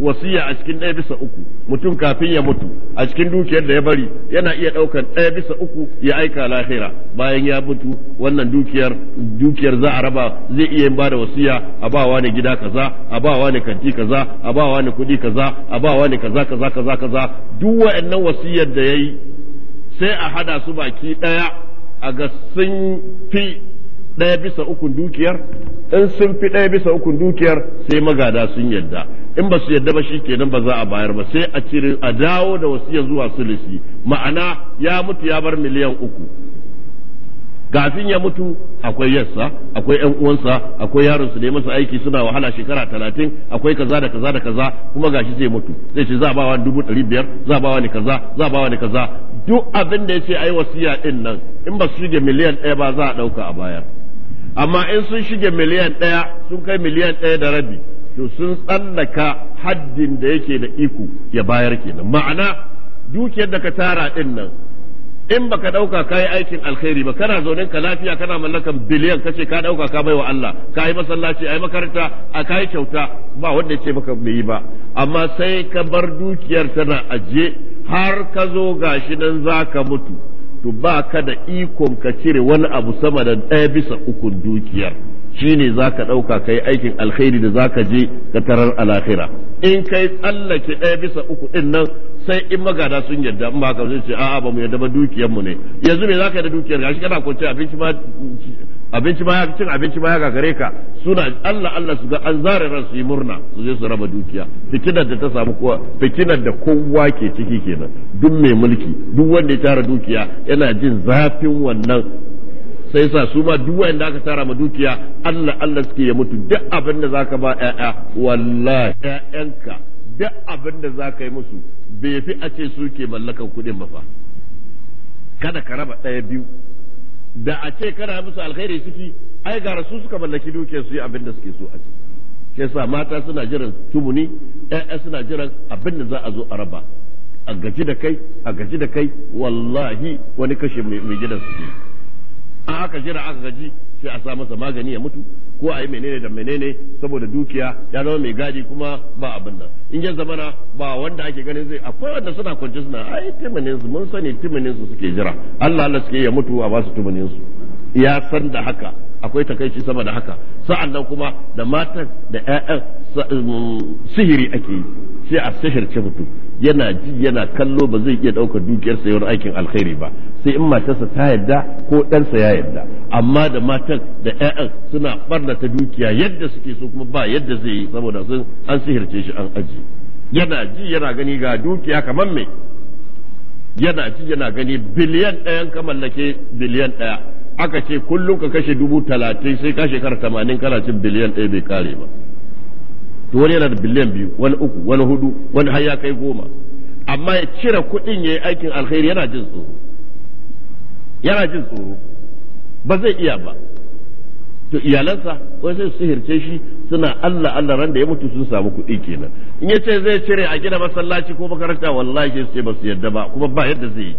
Speaker 1: wasiya a cikin ɗaya bisa uku mutum kafin ya mutu a cikin dukiyar da ya bari yana iya ɗaukar ɗaya bisa uku ya aika lahira bayan ya mutu wannan dukiyar dukiyar za a raba zai iya yin bada wasiya a ba wani gida kaza a ba wani kanti kaza a ba wani kuɗi kaza a ba wani kaza kaza kaza kaza duk wa'annan wasiyar da ya yi sai a hada su baki ɗaya a ga sun fi ɗaya bisa uku dukiyar in sun fi ɗaya bisa ukun dukiyar sai magada sun yadda in ba su yadda ba shi kenan ba za a bayar ba sai a cire a dawo da wasiya zuwa sulisi ma'ana ya mutu ya bar miliyan uku kafin ya mutu akwai yassa akwai yan uwansa akwai yaron su da ya masa aiki suna wahala shekara talatin akwai kaza da kaza da kaza kuma gashi zai mutu zai ce za a bawa dubu ɗari biyar za a bawa ni kaza za a bawa ni kaza duk abin da ya ce a yi wasiya ɗin nan in ba su shige miliyan ɗaya ba za a ɗauka a bayar amma in sun shige miliyan ɗaya sun kai miliyan ɗaya da rabi to sun tsallaka haddin da yake da iko ya bayar kenan ma'ana dukiyar da ka tara ɗin nan in baka ka yi aikin alkhairi ba kana zaune ka lafiya kana mallakan biliyan ka ce ka ɗauka ka bai wa Allah ka yi masallaci a yi makaranta a ka yi kyauta ba wanda ya yace maka bai yi ba amma sai ka bar dukiyar tana ajiye har ka zo gashi nan za ka mutu to ba ka da ikon ka cire wani abu sama da ɗaya bisa ukun dukiyar shi ne za ka ɗauka ka yi aikin alkhairi da za ka je ka tarar alakhira in kai tsallake ɗaya bisa uku ɗin nan sai in magada sun yarda in ba ka ce a'a ba mu yarda ba dukiyarmu ne yanzu me za ka yi da dukiyar gashi kana kwanci abinci ma abinci ma cin abinci ma ya gare ka suna Allah Allah su ga an zare ran su yi murna su je su raba dukiya fikinar da ta samu kowa fikinar da kowa ke ciki kenan duk mai mulki duk wanda ya tara dukiya yana jin zafin wannan sai sa su ma duk wanda aka tara ma dukiya Allah Allah suke ya mutu duk abin da zaka ba ƴaƴa wallahi ƴaƴanka duk abin da zaka yi musu bai fi a ce su ke mallakan kuɗin ba fa kada ka raba ɗaya biyu da a ce kana musu alkhairi ciki ai gara su suka mallaki duke su yi abin da suke so a ci sai sa mata suna jiran tumuni ƴaƴa suna jiran abin da za a zo a raba a gaji da kai a gaji da kai wallahi wani kashe mai gidan su an aka jira aka gaji sai a sa masa magani ya mutu ko a yi menene da menene saboda dukiya ya zama mai gadi kuma ba abin nan in ya zamana ba wanda ake ganin zai akwai wanda suna kwance suna ai timanin su mun sani timanin su suke jira Allah Allah suke ya mutu a basu timanin su ya san da haka akwai takaici sama da haka sa'an nan kuma da matan da 'ya'yan eh, sihiri ake yi sai a sihirce mutum yana ji yana kallo ba zai iya ɗaukar dukiyar sayar aikin alkhairi ba sai in matarsa ta yarda ko ɗansa ya yarda amma da matan da 'ya'yan suna ɓarnata dukiya yadda suke so kuma ba yadda zai yi saboda sun an sihirce shi an aji yana ji yana gani ga dukiya kamar me yana ji yana gani biliyan ɗayan ka mallake biliyan ɗaya aka ce kullum ka kashe dubu talatin sai ka shekara tamanin kana cin biliyan ɗaya bai kare ba to wani yana da biliyan biyu wani uku wani hudu wani har ya kai goma amma ya cire kuɗin ya yi aikin alkhairi yana jin tsoro yana jin tsoro ba zai iya ba to iyalansa wai sai su hirce shi suna Allah Allah ran da ya mutu sun samu kuɗi kenan in ya ce zai cire a gina masallaci ko makaranta wallahi sai ba su yadda ba kuma ba yadda zai yi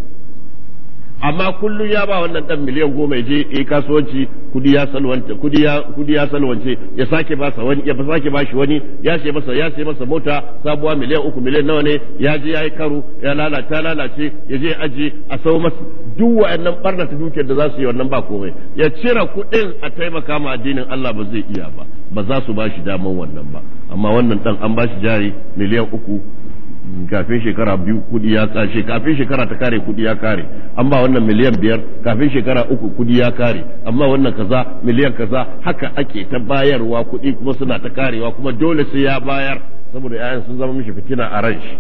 Speaker 1: amma kullum ya ba wannan dan miliyan goma je ya kasuwanci kudi ya salwance kudi ya kudi ya salwance ya sake ba wani ya sake bashi wani ya ce masa ya ce masa mota sabuwa miliyan uku miliyan nawa ne ya je ya yi karo ya lalata lalace ya je aji a sau masa duk waannan barna ta dukiyar da za su yi wannan ba komai ya cire kuɗin a taimaka ma addinin Allah ba zai iya ba ba za su ba shi daman wannan ba amma wannan dan an ba shi jari miliyan uku kafin shekara biyu kudi ya kashe kafin shekara ta kare kudi ya kare amma wannan miliyan biyar kafin shekara uku kudi ya kare amma wannan kaza miliyan kaza haka ake ta bayarwa kudi kuma suna ta karewa kuma dole sai ya bayar saboda 'ya'yan sun zama mishi fitina a ran shi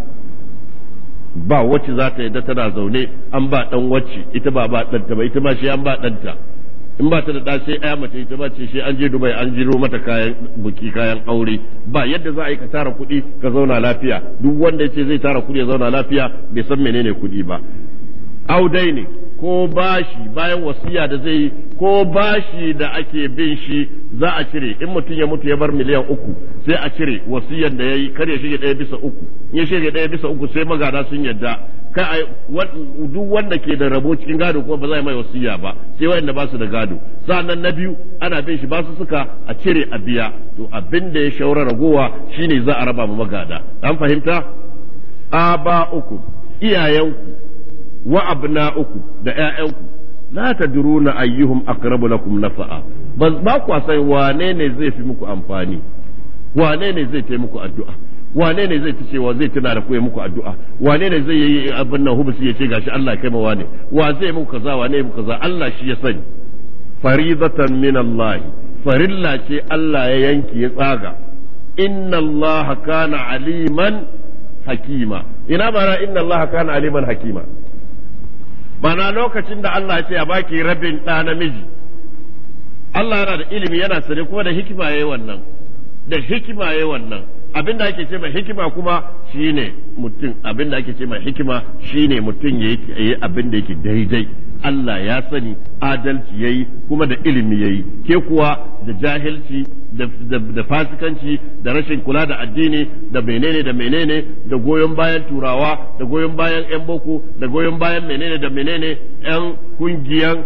Speaker 1: ba wacce za ta yadda tana zaune an ba dan wacce ita ba ba danta ba ita ma shi an ba danta in ba ta da ɗa sai aya mace ita ba ce shi an je Dubai an jiro mata kayan buki kayan aure ba yadda za a yi ka tara kuɗi ka zauna lafiya duk wanda ya ce zai tara kuɗi ya zauna lafiya bai san menene kuɗi ba audai ne ko bashi bayan wasiya da zai yi ko bashi da ake bin shi za a cire in mutum ya mutu ya bar miliyan uku sai a cire wasiyan da ya yi kar ya shige ɗaya bisa uku in ya shige ɗaya bisa uku sai magada sun yadda ka a duk wanda ke da rabo cikin gado kuma ba za mai wasiya ba sai wanda ba su da gado sannan na biyu ana bin shi ba su suka a cire a biya to abin da ya shaura ragowa shine za a raba ma magada an fahimta A-ba uku iyayenku wa abna'uku da ƴaƴanku la tadruna ayyuhum aqrabu lakum nafa'a ba ku sai wane ne zai fi muku amfani wane ne zai taimaka muku addu'a wane ne zai cewa zai tana da koya muku addu'a wane ne zai yi abin nan hubus ya ce gashi Allah kai mawa ne wa zai muku kaza wane muku kaza Allah shi ya sani faridatan min Allah farilla ce Allah ya yanki ya tsaga inna Allah kana aliman hakima ina bara inna Allah kana aliman hakima Bana lokacin da Allah ya ce ya baki rabin ɗa namiji Allah yana da ilimi yana sane kuma da hikima yi wannan da hikima yi wannan abin da ake ce mai hikima kuma shine mutum abin da ake ce mai hikima shine mutum yayi abin da yake daidai Allah ya sani adalci yayi kuma da ilimi yayi ke kuwa da jahilci da fasikanci da rashin kula da addini da menene da menene da goyon bayan turawa da goyon bayan yan boko da goyon bayan menene da menene yan kungiyan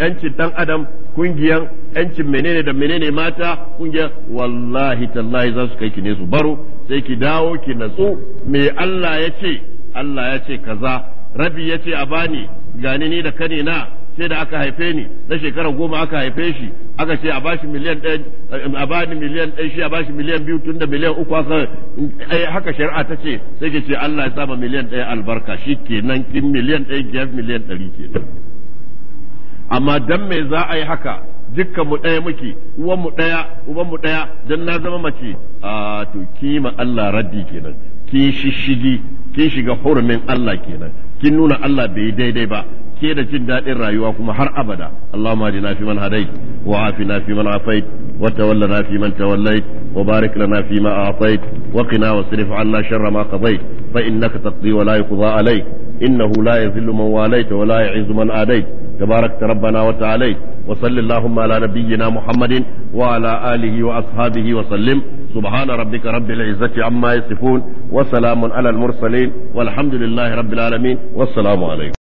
Speaker 1: yancin dan adam kungiyan yancin menene da menene mata kungiyan wallahi tallahi za su kai ki ne su baro sai ki dawo ki natsu me Allah ya ce Allah ya ce kaza rabi ya ce a bani gani ni da kani na sai da aka haife ni na shekara goma aka haife shi aka ce a bashi miliyan ɗaya a bani miliyan ɗaya shi a bashi miliyan biyu tunda miliyan uku aka haka shari'a ta ce sai ke ce Allah ya saba miliyan ɗaya albarka shi kenan kin miliyan ɗaya giyar miliyan ɗari kenan amma dan me za a yi haka dukkan mu ɗaya muke uwan mu ɗaya uban mu ɗaya dan na zama mace a to kima Allah raddi kenan kin shishigi kin shiga hurumin Allah kenan kin nuna Allah bai daidai ba ke da jin daɗin rayuwa kuma har abada Allahumma adina fi man hadait wa afina fi man afait wa tawallana fi man tawallait wa barik lana fi ma a'tait wa qina wasrif 'anna sharra ma qadait fa innaka taqdi wa la yuqda alayk innahu la yadhillu man walayta wa la yu'izzu man adait تبارك ربنا وتعالى وصل اللهم على نبينا محمد وعلى آله وأصحابه وسلم سبحان ربك رب العزة عما يصفون وسلام على المرسلين والحمد لله رب العالمين والسلام عليكم